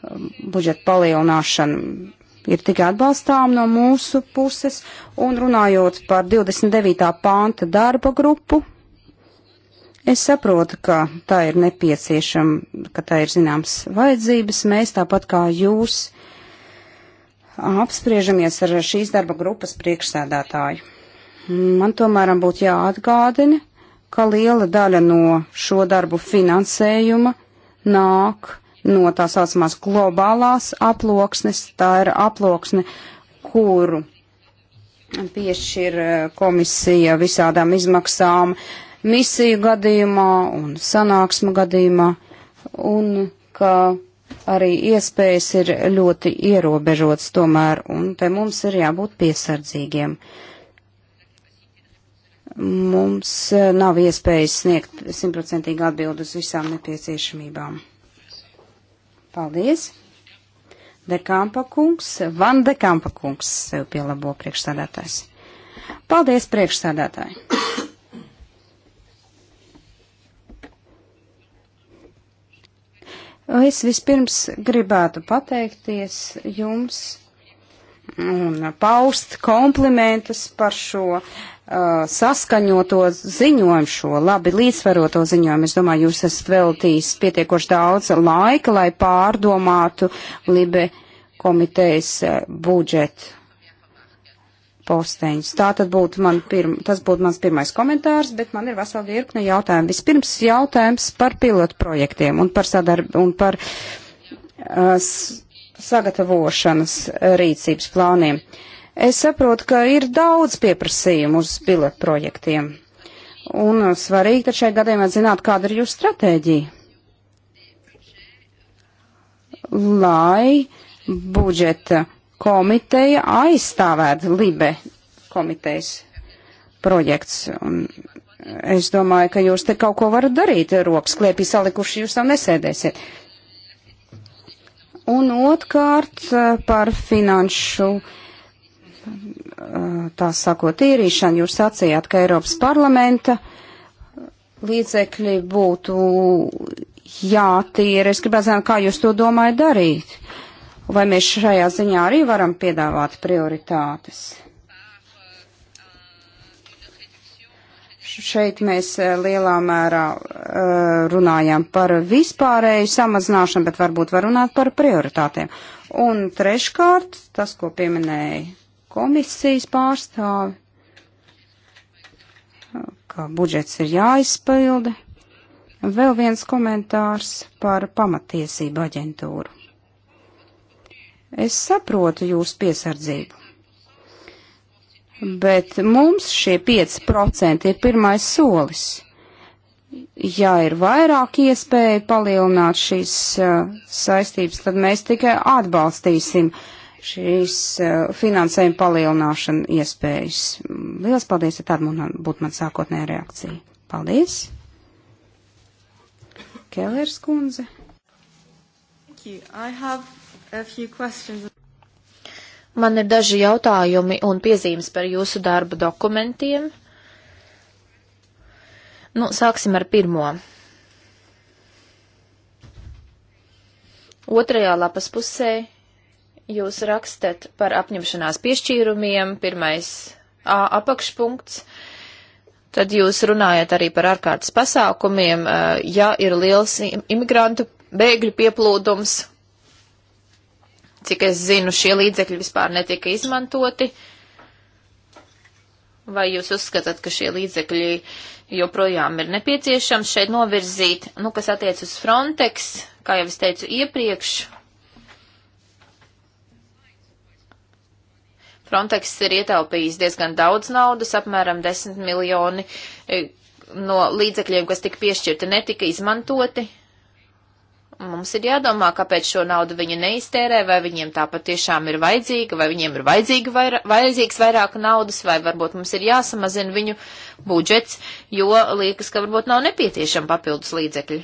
um, budžeta palielināšanu ir tikai atbalstām no mūsu puses. Un runājot par 29. pānta darba grupu, es saprotu, ka tā ir nepieciešama, ka tā ir zināms vajadzības. Mēs tāpat kā jūs apspriežamies ar šīs darba grupas priekšsēdētāju. Man tomēr būtu jāatgādina, ka liela daļa no šo darbu finansējuma nāk no tā saucamās globālās aploksnes. Tā ir aploksne, kuru piešķir eh, komisija visādām izmaksām misiju gadījumā un sanāksmu gadījumā, un ka arī iespējas ir ļoti ierobežotas tomēr, un te mums ir jābūt piesardzīgiem. Uh, mums eh, nav iespējas sniegt simtprocentīgi atbildi uz visām nepieciešamībām. Paldies! Dekampa kungs, Van Dekampa kungs sev pielabo priekšstādātājs. Paldies priekšstādātāji! Es vispirms gribētu pateikties jums un paust komplimentus par šo uh, Uh, saskaņoto ziņojumu, šo labi līdzsvaroto ziņojumu. Es domāju, jūs esat veltījis pietiekoši daudz laika, lai pārdomātu Libe komitejas uh, budžetu posteņus. Tā tad būtu man pirm, tas būtu mans pirmais komentārs, bet man ir vesela virkne jautājumu. Vispirms jautājums par pilotu projektiem un par sadarbu un par uh, sagatavošanas rīcības plāniem. Uh, Es saprotu, ka ir daudz pieprasījumu uz biletu projektiem. Un svarīgi taču šai gadījumā zināt, kāda ir jūsu stratēģija. Lai budžeta komiteja aizstāvētu Libe komitejas projekts. Un es domāju, ka jūs te kaut ko varat darīt, rokas kliepī salikuši, jūs tam nesēdēsiet. Un otkārt eh, par finanšu uh, tā sakot, tīrīšanu. Jūs sacījāt, ka Eiropas parlamenta līdzekļi būtu jātīra. Es gribētu zināt, kā jūs to domājat darīt. Vai mēs šajā ziņā arī varam piedāvāt prioritātes? Šeit mēs lielā mērā runājam par vispārēju samazināšanu, bet varbūt var runāt par prioritātēm. Un treškārt, tas, ko pieminēja komisijas pārstāvi, ka budžets ir jāizpilda. Vēl viens komentārs par pamatiesību aģentūru. Es saprotu jūsu piesardzību, bet mums šie 5% ir pirmais solis. Ja ir vairāk iespēja palielināt šīs uh, saistības, tad mēs tikai atbalstīsim uh, šīs eh, finansējuma palielināšana iespējas. Lielas paldies, ja tāda man būtu man sākotnējā reakcija. Paldies! Kellers kundze. Man ir daži jautājumi un piezīmes par jūsu darba dokumentiem. Nu, sāksim ar pirmo. Otrajā lapas pusē jūs rakstat par apņemšanās piešķīrumiem, pirmais A apakšpunkts, tad jūs runājat arī par ārkārtas pasākumiem, ja ir liels imigrantu bēgļu pieplūdums. Cik es zinu, šie līdzekļi vispār netika izmantoti. Vai jūs uzskatāt, ka šie līdzekļi joprojām ir nepieciešams šeit novirzīt, nu, kas attiec uz Frontex, kā jau es teicu iepriekš, Frontex ir ietaupījis diezgan daudz naudas, apmēram 10 miljoni e, no līdzekļiem, kas tika piešķirti, netika izmantoti. Mums ir jādomā, kāpēc šo naudu viņi neiztērē, vai viņiem tā patiešām ir vajadzīga, vai viņiem ir vajadzīga vairā, vajadzīgs vairāk naudas, vai varbūt mums ir jāsamazina viņu budžets, jo liekas, ka varbūt nav nepieciešama papildus līdzekļi.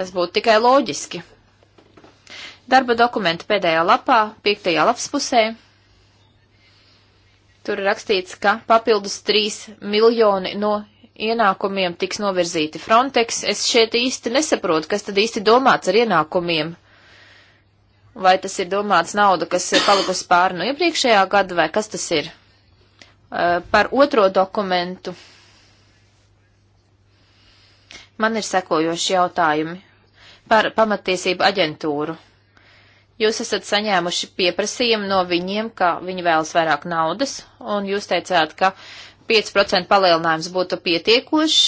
Tas būtu tikai loģiski. Darba dokumenta pēdējā lapā, piektajā lapas pusē, tur ir rakstīts, ka papildus 3 miljoni no ienākumiem tiks novirzīti Frontex. Es šeit īsti nesaprotu, kas tad īsti domāts ar ienākumiem. Vai tas ir domāts nauda, kas ir palikusi pāri no iepriekšējā gada, vai kas tas ir? Eh, par otro dokumentu. Man ir sekojoši jautājumi par pamatiesību aģentūru. Jūs esat saņēmuši pieprasījumu no viņiem, ka viņi vēlas vairāk naudas, un jūs teicāt, ka 5% palielinājums būtu pietiekošs.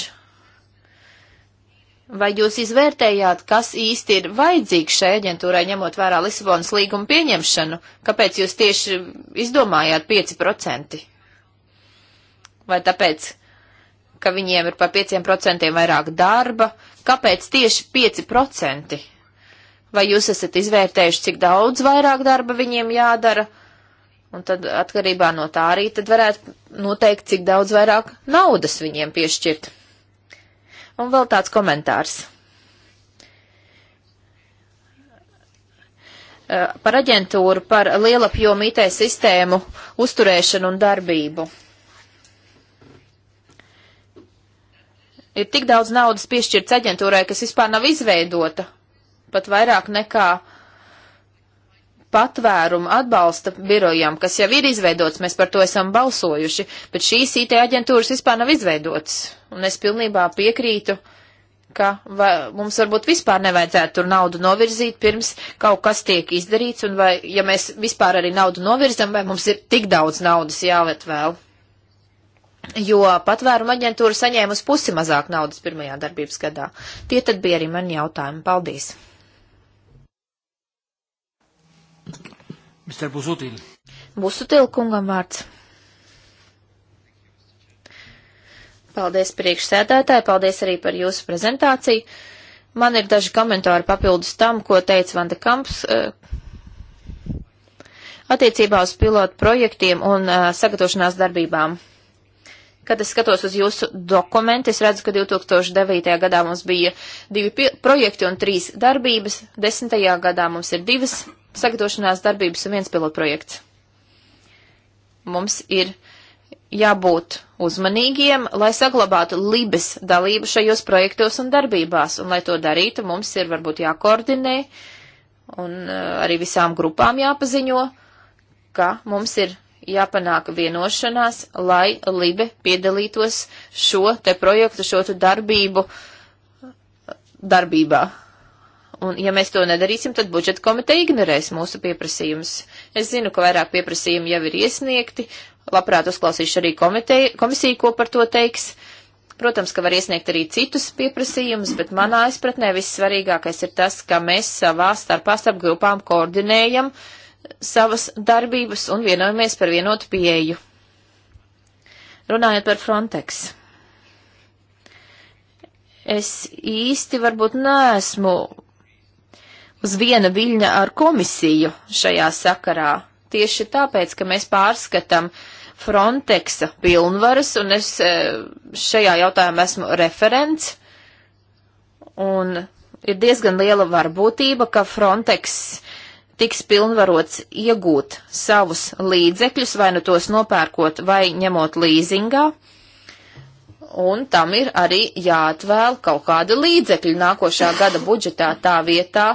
Vai jūs izvērtējāt, kas īsti ir vajadzīgs šai aģentūrai, ņemot vērā Lisabonas līguma pieņemšanu? Kāpēc jūs tieši izdomājāt 5%? Vai tāpēc, ka viņiem ir par 5% vairāk darba? Kāpēc tieši 5%? vai jūs esat izvērtējuši, cik daudz vairāk darba viņiem jādara, un tad atkarībā no tā arī tad varētu noteikt, cik daudz vairāk naudas viņiem piešķirt. Un vēl tāds komentārs. Par aģentūru, par lielapjomu IT sistēmu uzturēšanu un darbību. Ir tik daudz naudas piešķirts aģentūrai, kas vispār nav izveidota, pat vairāk nekā patvērumu atbalsta birojam, kas jau ir izveidots, mēs par to esam balsojuši, bet šīs IT aģentūras vispār nav izveidotas. Un es pilnībā piekrītu, ka vai, mums varbūt vispār nevajadzētu tur naudu novirzīt, pirms kaut kas tiek izdarīts, un vai, ja mēs vispār arī naudu novirzam, vai mums ir tik daudz naudas jāvet vēl. Jo patvēruma aģentūra saņēma uz pusi mazāk naudas pirmajā darbības gadā. Tie tad bija arī mani jautājumi. Paldies! Mr. Busutil. Busutil kungam vārds. Paldies priekšsēdētāji, paldies arī par jūsu prezentāciju. Man ir daži komentāri papildus tam, ko teica Vanda Kamps. Eh, attiecībā uz pilotu projektiem un eh, sagatavošanās darbībām. Kad es skatos uz jūsu dokumentu, es redzu, ka 2009. gadā mums bija divi projekti un trīs darbības, 10. gadā mums ir divas sagatavošanās darbības un viens pilotprojekts. Mums ir jābūt uzmanīgiem, lai saglabātu libes dalību šajos projektos un darbībās, un lai to darītu, mums ir varbūt jākoordinē un eh, arī visām grupām jāpaziņo, ka mums ir jāpanāk vienošanās, lai libe piedalītos šo te projektu, šo te darbību darbībā. Un, ja mēs to nedarīsim, tad budžeta komiteja ignorēs mūsu pieprasījumus. Es zinu, ka vairāk pieprasījumu jau ir iesniegti. Labprāt uzklausīšu arī komiteja, komisiju, ko par to teiks. Protams, ka var iesniegt arī citus pieprasījumus, bet manā izpratnē vissvarīgākais ir tas, ka mēs savā starpā starp grupām koordinējam savas darbības un vienojamies par vienotu pieeju. Runājot par Frontex. Es īsti varbūt neesmu uz viena viļņa ar komisiju šajā sakarā. Tieši tāpēc, ka mēs pārskatām Frontexa pilnvaras, un es e, šajā jautājumā esmu referents, un ir diezgan liela varbūtība, ka Frontex tiks pilnvarots iegūt savus līdzekļus, vai nu tos nopērkot, vai ņemot līzingā un tam ir arī jāatvēl kaut kāda līdzekļa nākošā gada budžetā tā vietā,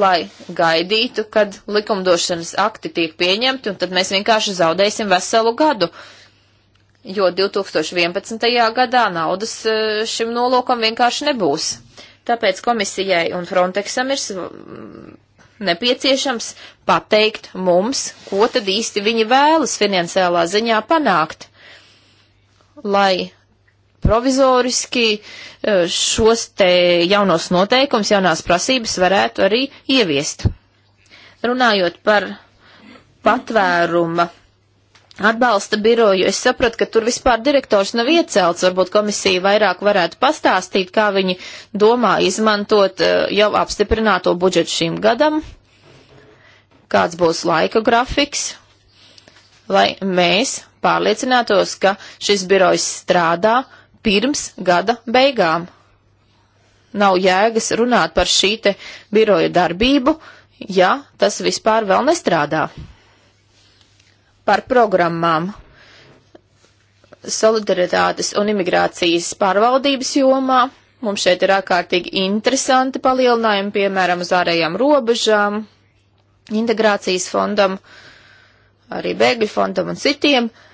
lai gaidītu, kad likumdošanas akti tiek pieņemti, un tad mēs vienkārši zaudēsim veselu gadu. Jo 2011. gadā naudas eh, šim nolokam vienkārši nebūs. Tāpēc komisijai un Frontexam ir nepieciešams pateikt mums, ko tad īsti viņi vēlas finansiālā ziņā panākt, lai provizoriski e, šos te jaunos noteikums, jaunās prasības varētu arī ieviest. Runājot par patvēruma atbalsta biroju, es sapratu, ka tur vispār direktors nav iecelts, varbūt komisija vairāk varētu pastāstīt, kā viņi domā izmantot e, jau apstiprināto budžetu šīm gadam, kāds būs laika grafiks, lai mēs pārliecinātos, ka šis birojs strādā, pirms gada beigām. Nav jēgas runāt par šī te biroja darbību, ja tas vispār vēl nestrādā. Par programmām solidaritātes un imigrācijas pārvaldības jomā mums šeit ir ārkārtīgi interesanti palielinājumi, piemēram, uz ārējām robežām, integrācijas fondam, arī bēgļu fondam un citiem. Uh,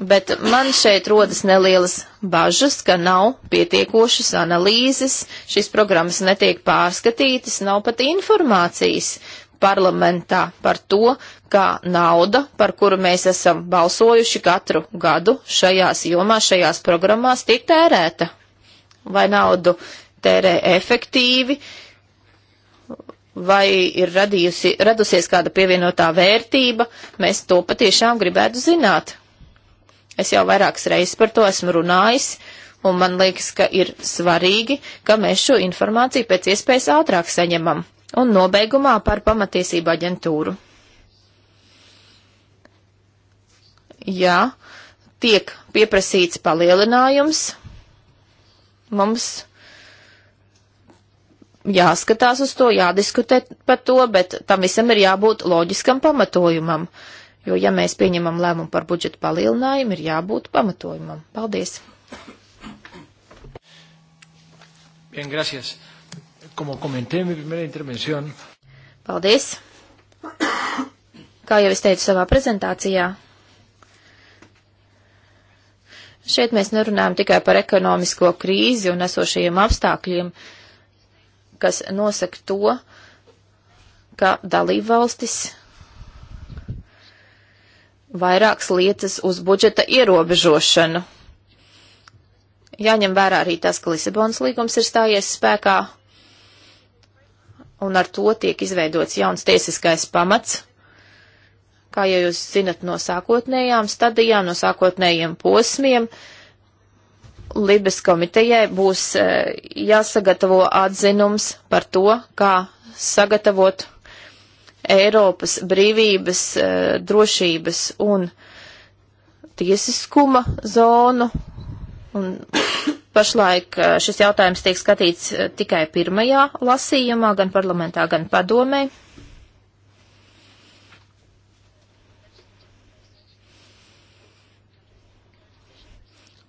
bet man šeit rodas nelielas bažas, ka nav pietiekošas analīzes, šīs programmas netiek pārskatītas, nav pat informācijas parlamentā par to, kā nauda, par kuru mēs esam balsojuši katru gadu šajās jomās, šajās programmās, tiek tērēta. Vai naudu tērē efektīvi, vai ir radījusi, radusies kāda pievienotā vērtība, mēs to patiešām gribētu zināt. Es jau vairākas reizes par to esmu runājis, un man liekas, ka ir svarīgi, ka mēs šo informāciju pēc iespējas ātrāk saņemam. Un nobeigumā par pamatiesību aģentūru. Jā, tiek pieprasīts palielinājums. Mums jāskatās uz to, jādiskutē par to, bet tam visam ir jābūt loģiskam pamatojumam. Uh, Jo, ja mēs pieņemam lēmumu par budžeta palielinājumu, ir jābūt pamatojumam. Paldies! Bien, gracias. Como comenté en mi primera intervención. Paldies! Kā jau es teicu savā prezentācijā, šeit mēs nerunājam tikai par ekonomisko krīzi un esošajiem apstākļiem, kas nosaka to, ka dalībvalstis vairākas lietas uz budžeta ierobežošanu. Jāņem vērā arī tas, ka Lisabonas līgums ir stājies spēkā, un ar to tiek izveidots jauns tiesiskais pamats. Kā jau jūs zinat no sākotnējām stadijām, no sākotnējiem posmiem, Libes komitejai būs eh, jāsagatavo atzinums par to, kā sagatavot Eiropas brīvības, eh, drošības un tiesiskuma zonu. Un pašlaik eh, šis jautājums tiek skatīts eh, tikai pirmajā lasījumā, gan parlamentā, gan padomē.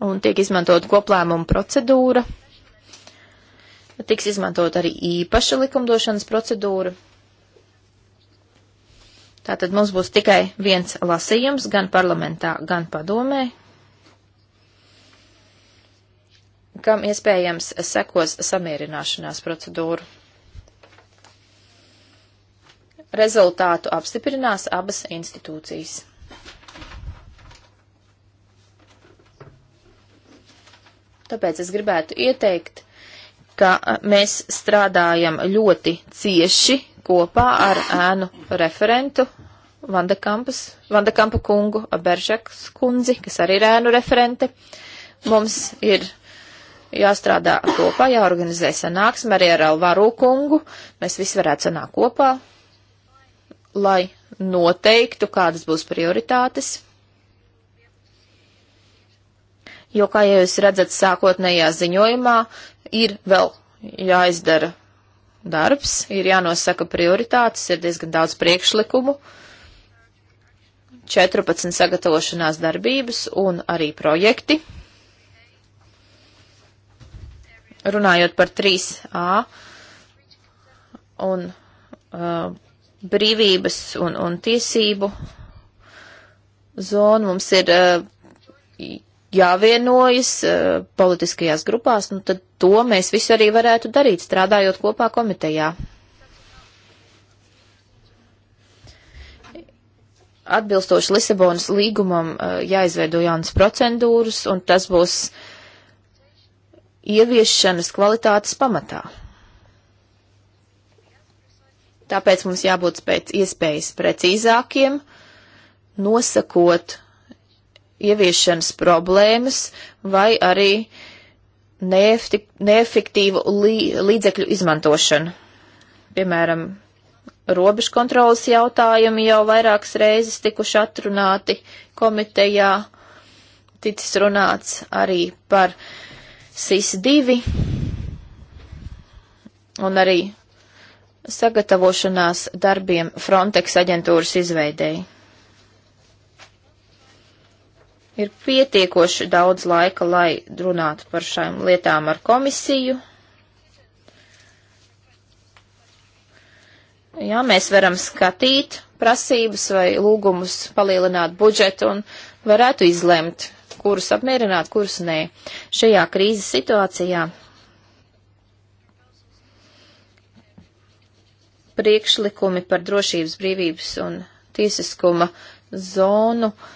Un tiek izmantot koplēmuma procedūra. Tiks izmantot arī īpaša likumdošanas procedūra. Tātad mums būs tikai viens lasījums gan parlamentā, gan padomē, kam iespējams sekos samierināšanās procedūru. Rezultātu apstiprinās abas institūcijas. Tāpēc es gribētu ieteikt, ka mēs strādājam ļoti cieši kopā ar ēnu referentu Vandekampas, Vandekampa kungu, Beržaks kundzi, kas arī ir ēnu referente. Mums ir jāstrādā kopā, jāorganizē sanāksme arī ar Alvaru kungu. Mēs visi varētu sanākt kopā, lai noteiktu, kādas būs prioritātes. Jo, kā jau jūs redzat, sākotnējā ziņojumā ir vēl jāizdara darbs, ir jānosaka prioritātes, ir diezgan daudz priekšlikumu, 14 sagatavošanās darbības un arī projekti. Runājot par 3A un uh, brīvības un, un tiesību zonu, mums ir uh, jāvienojas uh, politiskajās grupās, nu tad to mēs visu arī varētu darīt, strādājot kopā komitejā. Atbilstoši Lisabonas līgumam uh, jāizveido jaunas procedūras, un tas būs ieviešanas kvalitātes pamatā. Tāpēc mums jābūt pēc iespējas precīzākiem, nosakot ieviešanas problēmas vai arī neefti, neefektīvu līdzekļu izmantošanu. Piemēram, robežu kontrolas jautājumi jau vairākas reizes tikuši atrunāti komitejā, ticis runāts arī par SIS-2 un arī sagatavošanās darbiem Frontex aģentūras izveidēji ir pietiekoši daudz laika, lai runātu par šām lietām ar komisiju. Jā, mēs varam skatīt prasības vai lūgumus, palielināt budžetu un varētu izlemt, kurus apmierināt, kurus nē. Šajā krīzes situācijā priekšlikumi par drošības, brīvības un tiesiskuma zonu uh,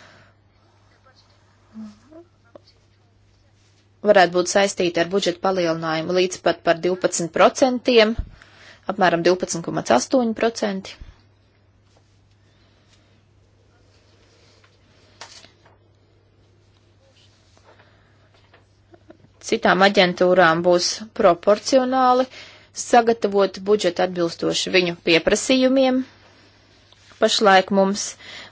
varētu būt saistīti ar budžeta palielinājumu līdz pat par 12%, apmēram 12,8%. Citām aģentūrām būs proporcionāli sagatavot budžetu atbilstoši viņu pieprasījumiem. Pašlaik mums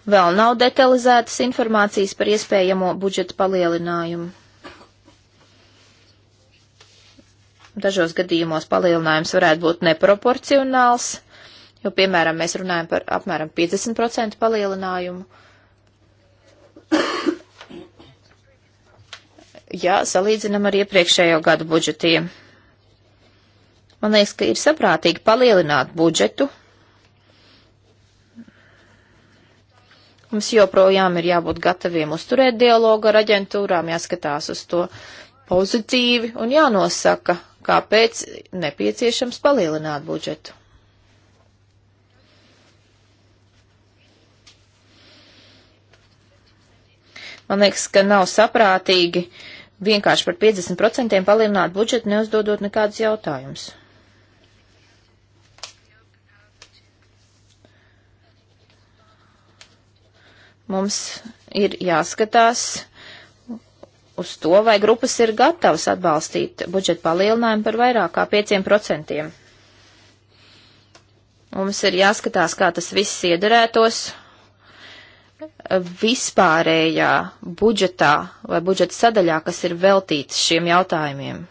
vēl nav detalizētas informācijas par iespējamo budžeta palielinājumu. Dažos gadījumos palielinājums varētu būt neproporcionāls, jo, piemēram, mēs runājam par apmēram 50% palielinājumu. ja salīdzinam ar iepriekšējo gadu budžetiem. Man liekas, ka ir saprātīgi palielināt budžetu. Mums joprojām ir jābūt gataviem uzturēt dialogu ar aģentūrām, jāskatās uz to, pozitīvi un jānosaka, kāpēc nepieciešams palielināt budžetu. Man liekas, ka nav saprātīgi vienkārši par 50% palielināt budžetu, neuzdodot nekādus jautājumus. Mums ir jāskatās, uz to, vai grupas ir gatavas atbalstīt budžeta palielinājumu par vairāk kā 5%. Mums ir jāskatās, kā tas viss iederētos vispārējā budžetā vai budžeta sadaļā, kas ir veltīts šiem jautājumiem.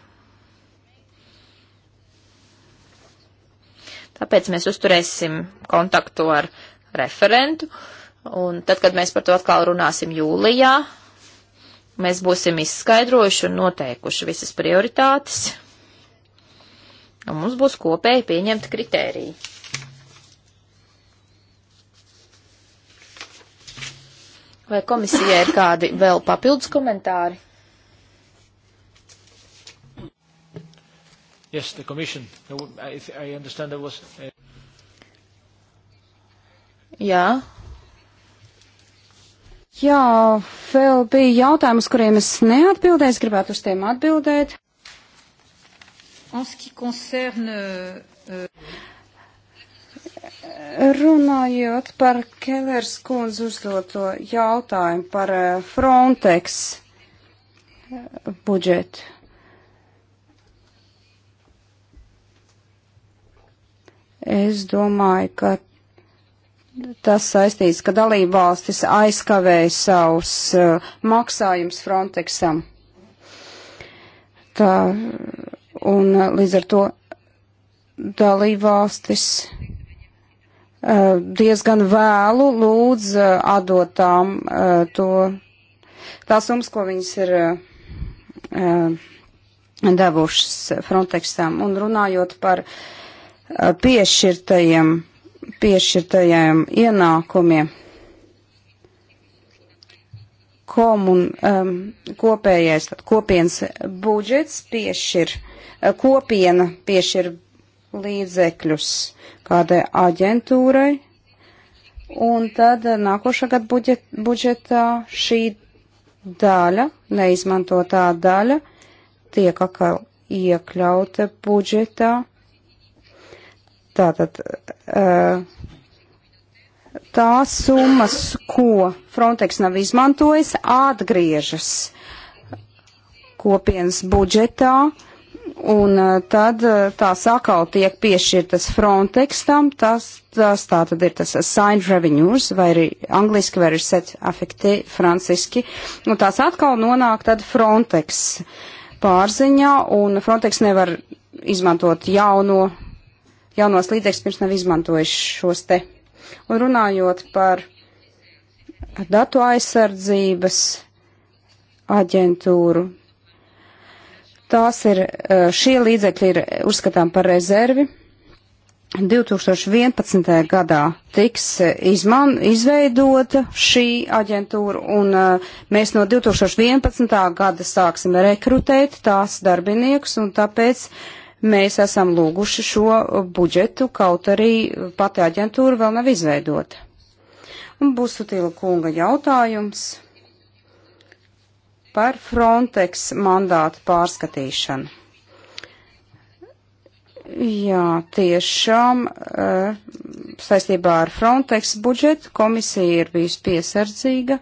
Tāpēc mēs uzturēsim kontaktu ar referentu, un tad, kad mēs par to atkal runāsim jūlijā, Mēs būsim izskaidrojuši un noteikuši visas prioritātes, un mums būs kopēji pieņemti kritēriji. Vai komisijai ir kādi vēl papildus komentāri? Yes, the commission. I, I understand there was. A... Jā, Jā, vēl bija jautājumi, uz kuriem es neatbildēju, es gribētu uz tiem atbildēt. Concerne, uh... Runājot par Kelers kundz uzdoto jautājumu par eh, Frontex eh, budžetu. Es domāju, ka Tas saistīts, ka dalībvalstis aizkavēja savus uh, maksājumus Frontexam. Tā, un uh, līdz ar to dalībvalstis uh, diezgan vēlu lūdz uh, atdot tām uh, to, tās summas, ko viņas ir uh, uh devušas Frontexam. Un runājot par uh, piešķirtajiem piešķirtajiem ienākumiem komun, um, kopējais tad, kopienas budžets piešķir, eh, kopiena piešķir līdzekļus kādai aģentūrai, un tad eh, nākošā gada budžet, budžetā šī daļa, neizmantotā daļa, tiek atkal iekļauta budžetā Tātad eh, tās summas, ko Frontex nav izmantojis, atgriežas kopienas budžetā, un eh, tad eh, tās atkal tiek piešķirtas Frontextam, tas, tas tā tad ir tas assigned revenues, vai arī angliski, vai arī set affecti franciski, un nu, tās atkal nonāk tad Frontex pārziņā, un Frontex nevar izmantot jauno jaunos līdzekļus pirms nav izmantojuši šos te. Un runājot par datu aizsardzības aģentūru, tās ir, e, šie līdzekļi ir uzskatām par rezervi. 2011. gadā tiks e, izman, izveidota šī aģentūra, un uh, mēs no 2011. gada sāksim rekrutēt tās darbiniekus, un tāpēc uh, Mēs esam lūguši šo budžetu, kaut arī pati aģentūra vēl nav izveidota. Busutila kunga jautājums par Frontex mandātu pārskatīšanu. Jā, tiešām eh, saistībā ar Frontex budžetu komisija ir bijusi piesardzīga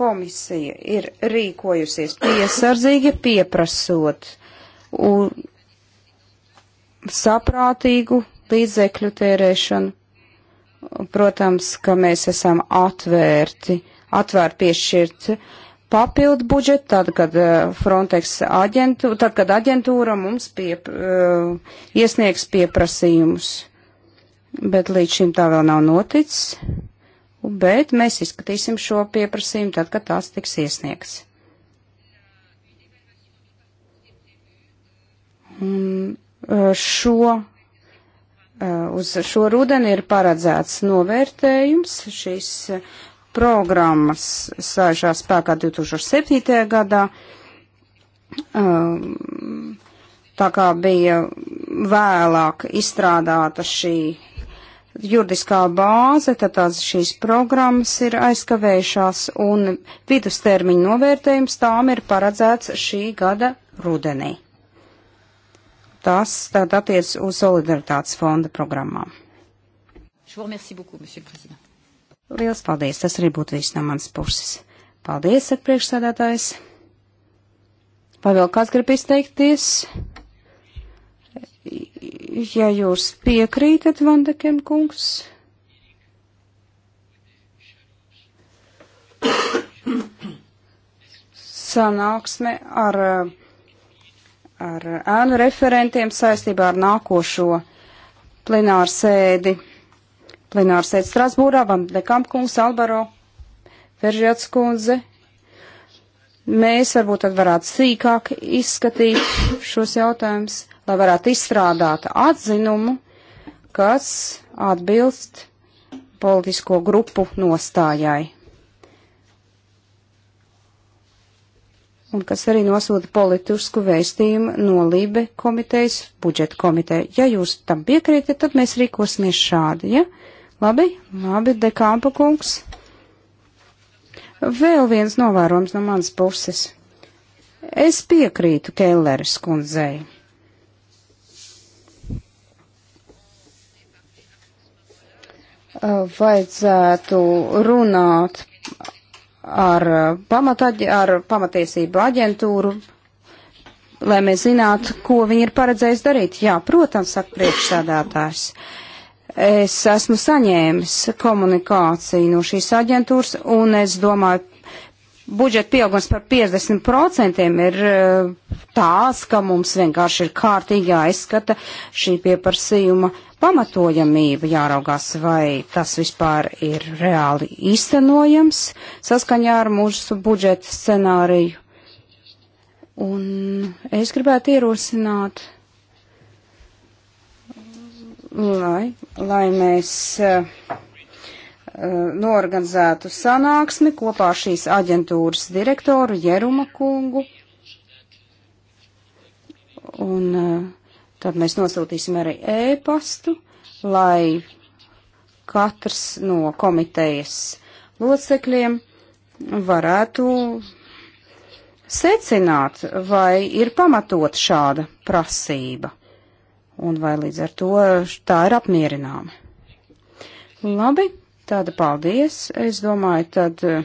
komisija ir rīkojusies piesardzīgi pieprasot un saprātīgu līdzekļu tērēšanu. Protams, ka mēs esam atvērti, atvērti piešķirt papildu budžetu, tad, kad eh, Frontex aģentūra, tad, kad aģentūra mums pie, uh, eh, iesniegs pieprasījumus. Bet līdz šim tā vēl nav noticis bet mēs izskatīsim šo pieprasījumu tad, kad tās tiks iesniegts. Un uh, šo, uh, uz šo rudeni ir paredzēts novērtējums. Šīs uh, programmas sāžās spēkā 2007. gadā. Um, tā kā bija vēlāk izstrādāta šī juridiskā bāze, tad tās šīs programmas ir aizkavējušās un vidustermiņa novērtējums tām ir paredzēts šī gada rudenī. Tas tad attiec uz solidaritātes fonda programmām. Lielas paldies, tas arī būtu viss no manas puses. Paldies, saka priekšsēdētājs. Vai vēl kāds grib izteikties? Ja jūs piekrītat, Vandekem kungs, sanāksme ar, ar ēnu referentiem saistībā ar nākošo plenāru sēdi. Plenāru sēdi Strasbūrā, Vandekam kungs, Albaro, Veržjats kundze. Mēs varbūt tad varētu sīkāk izskatīt šos jautājumus lai varētu izstrādāt atzinumu, kas atbilst politisko grupu nostājai. Un kas arī nosūta politisku vēstījumu no Lībe komitejas budžeta komiteja. Ja jūs tam piekrītat, tad mēs rīkosimies šādi, ja? Labi, labi, dekāmpa kungs. Vēl viens novērojums no manas puses. Es piekrītu Kelleres kundzei. vajadzētu runāt ar, pamataģi, ar pamatiesību aģentūru, lai mēs zinātu, ko viņi ir paredzējis darīt. Jā, protams, saka priekšsādātājs. Es esmu saņēmis komunikāciju no šīs aģentūras, un es domāju, budžeta pieaugums par 50% ir e, tās, ka mums vienkārši ir kārtīgi jāizskata šī pieprasījuma pamatojamība, jāraugās, vai tas vispār ir reāli īstenojams saskaņā ar mūsu budžeta scenāriju. Un es gribētu ierosināt, lai, lai mēs. Uh, Eh, norganizētu sanāksmi kopā ar šīs aģentūras direktoru Jeruma kungu. Un eh, tad mēs nosūtīsim arī ēpastu, e lai katrs no komitejas locekļiem varētu secināt, vai ir pamatot šāda prasība, un vai līdz ar to tā ir apmierināma. Labi, Tāda paldies. Es domāju, tad eh,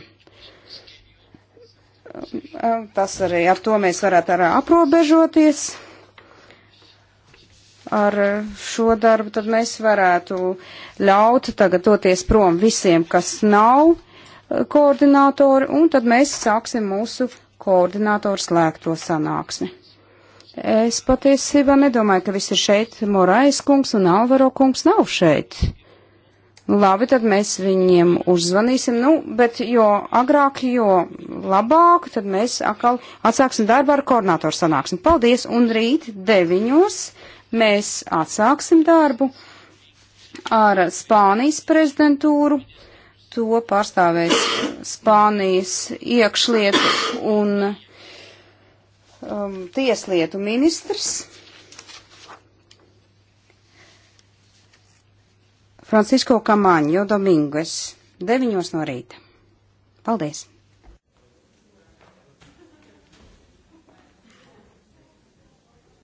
tas arī ar to mēs varētu arī aprobežoties. Ar šo darbu tad mēs varētu ļaut tagad doties prom visiem, kas nav eh, koordinātori, un tad mēs sāksim mūsu koordinātoru slēgto sanāksmi. Es patiesībā nedomāju, ka visi ir šeit. Morais kungs un Alvaro kungs nav šeit. Labi, tad mēs viņiem uzzvanīsim, nu, bet jo agrāk, jo labāk, tad mēs atkal atsāksim darbu ar koordinātoru sanāksmi. Paldies, un rīt deviņos mēs atsāksim darbu ar Spānijas prezidentūru. To pārstāvēs Spānijas iekšlietu un um, tieslietu ministrs. Francisko Kamaņo Domingues, 9 no rīta. Paldies!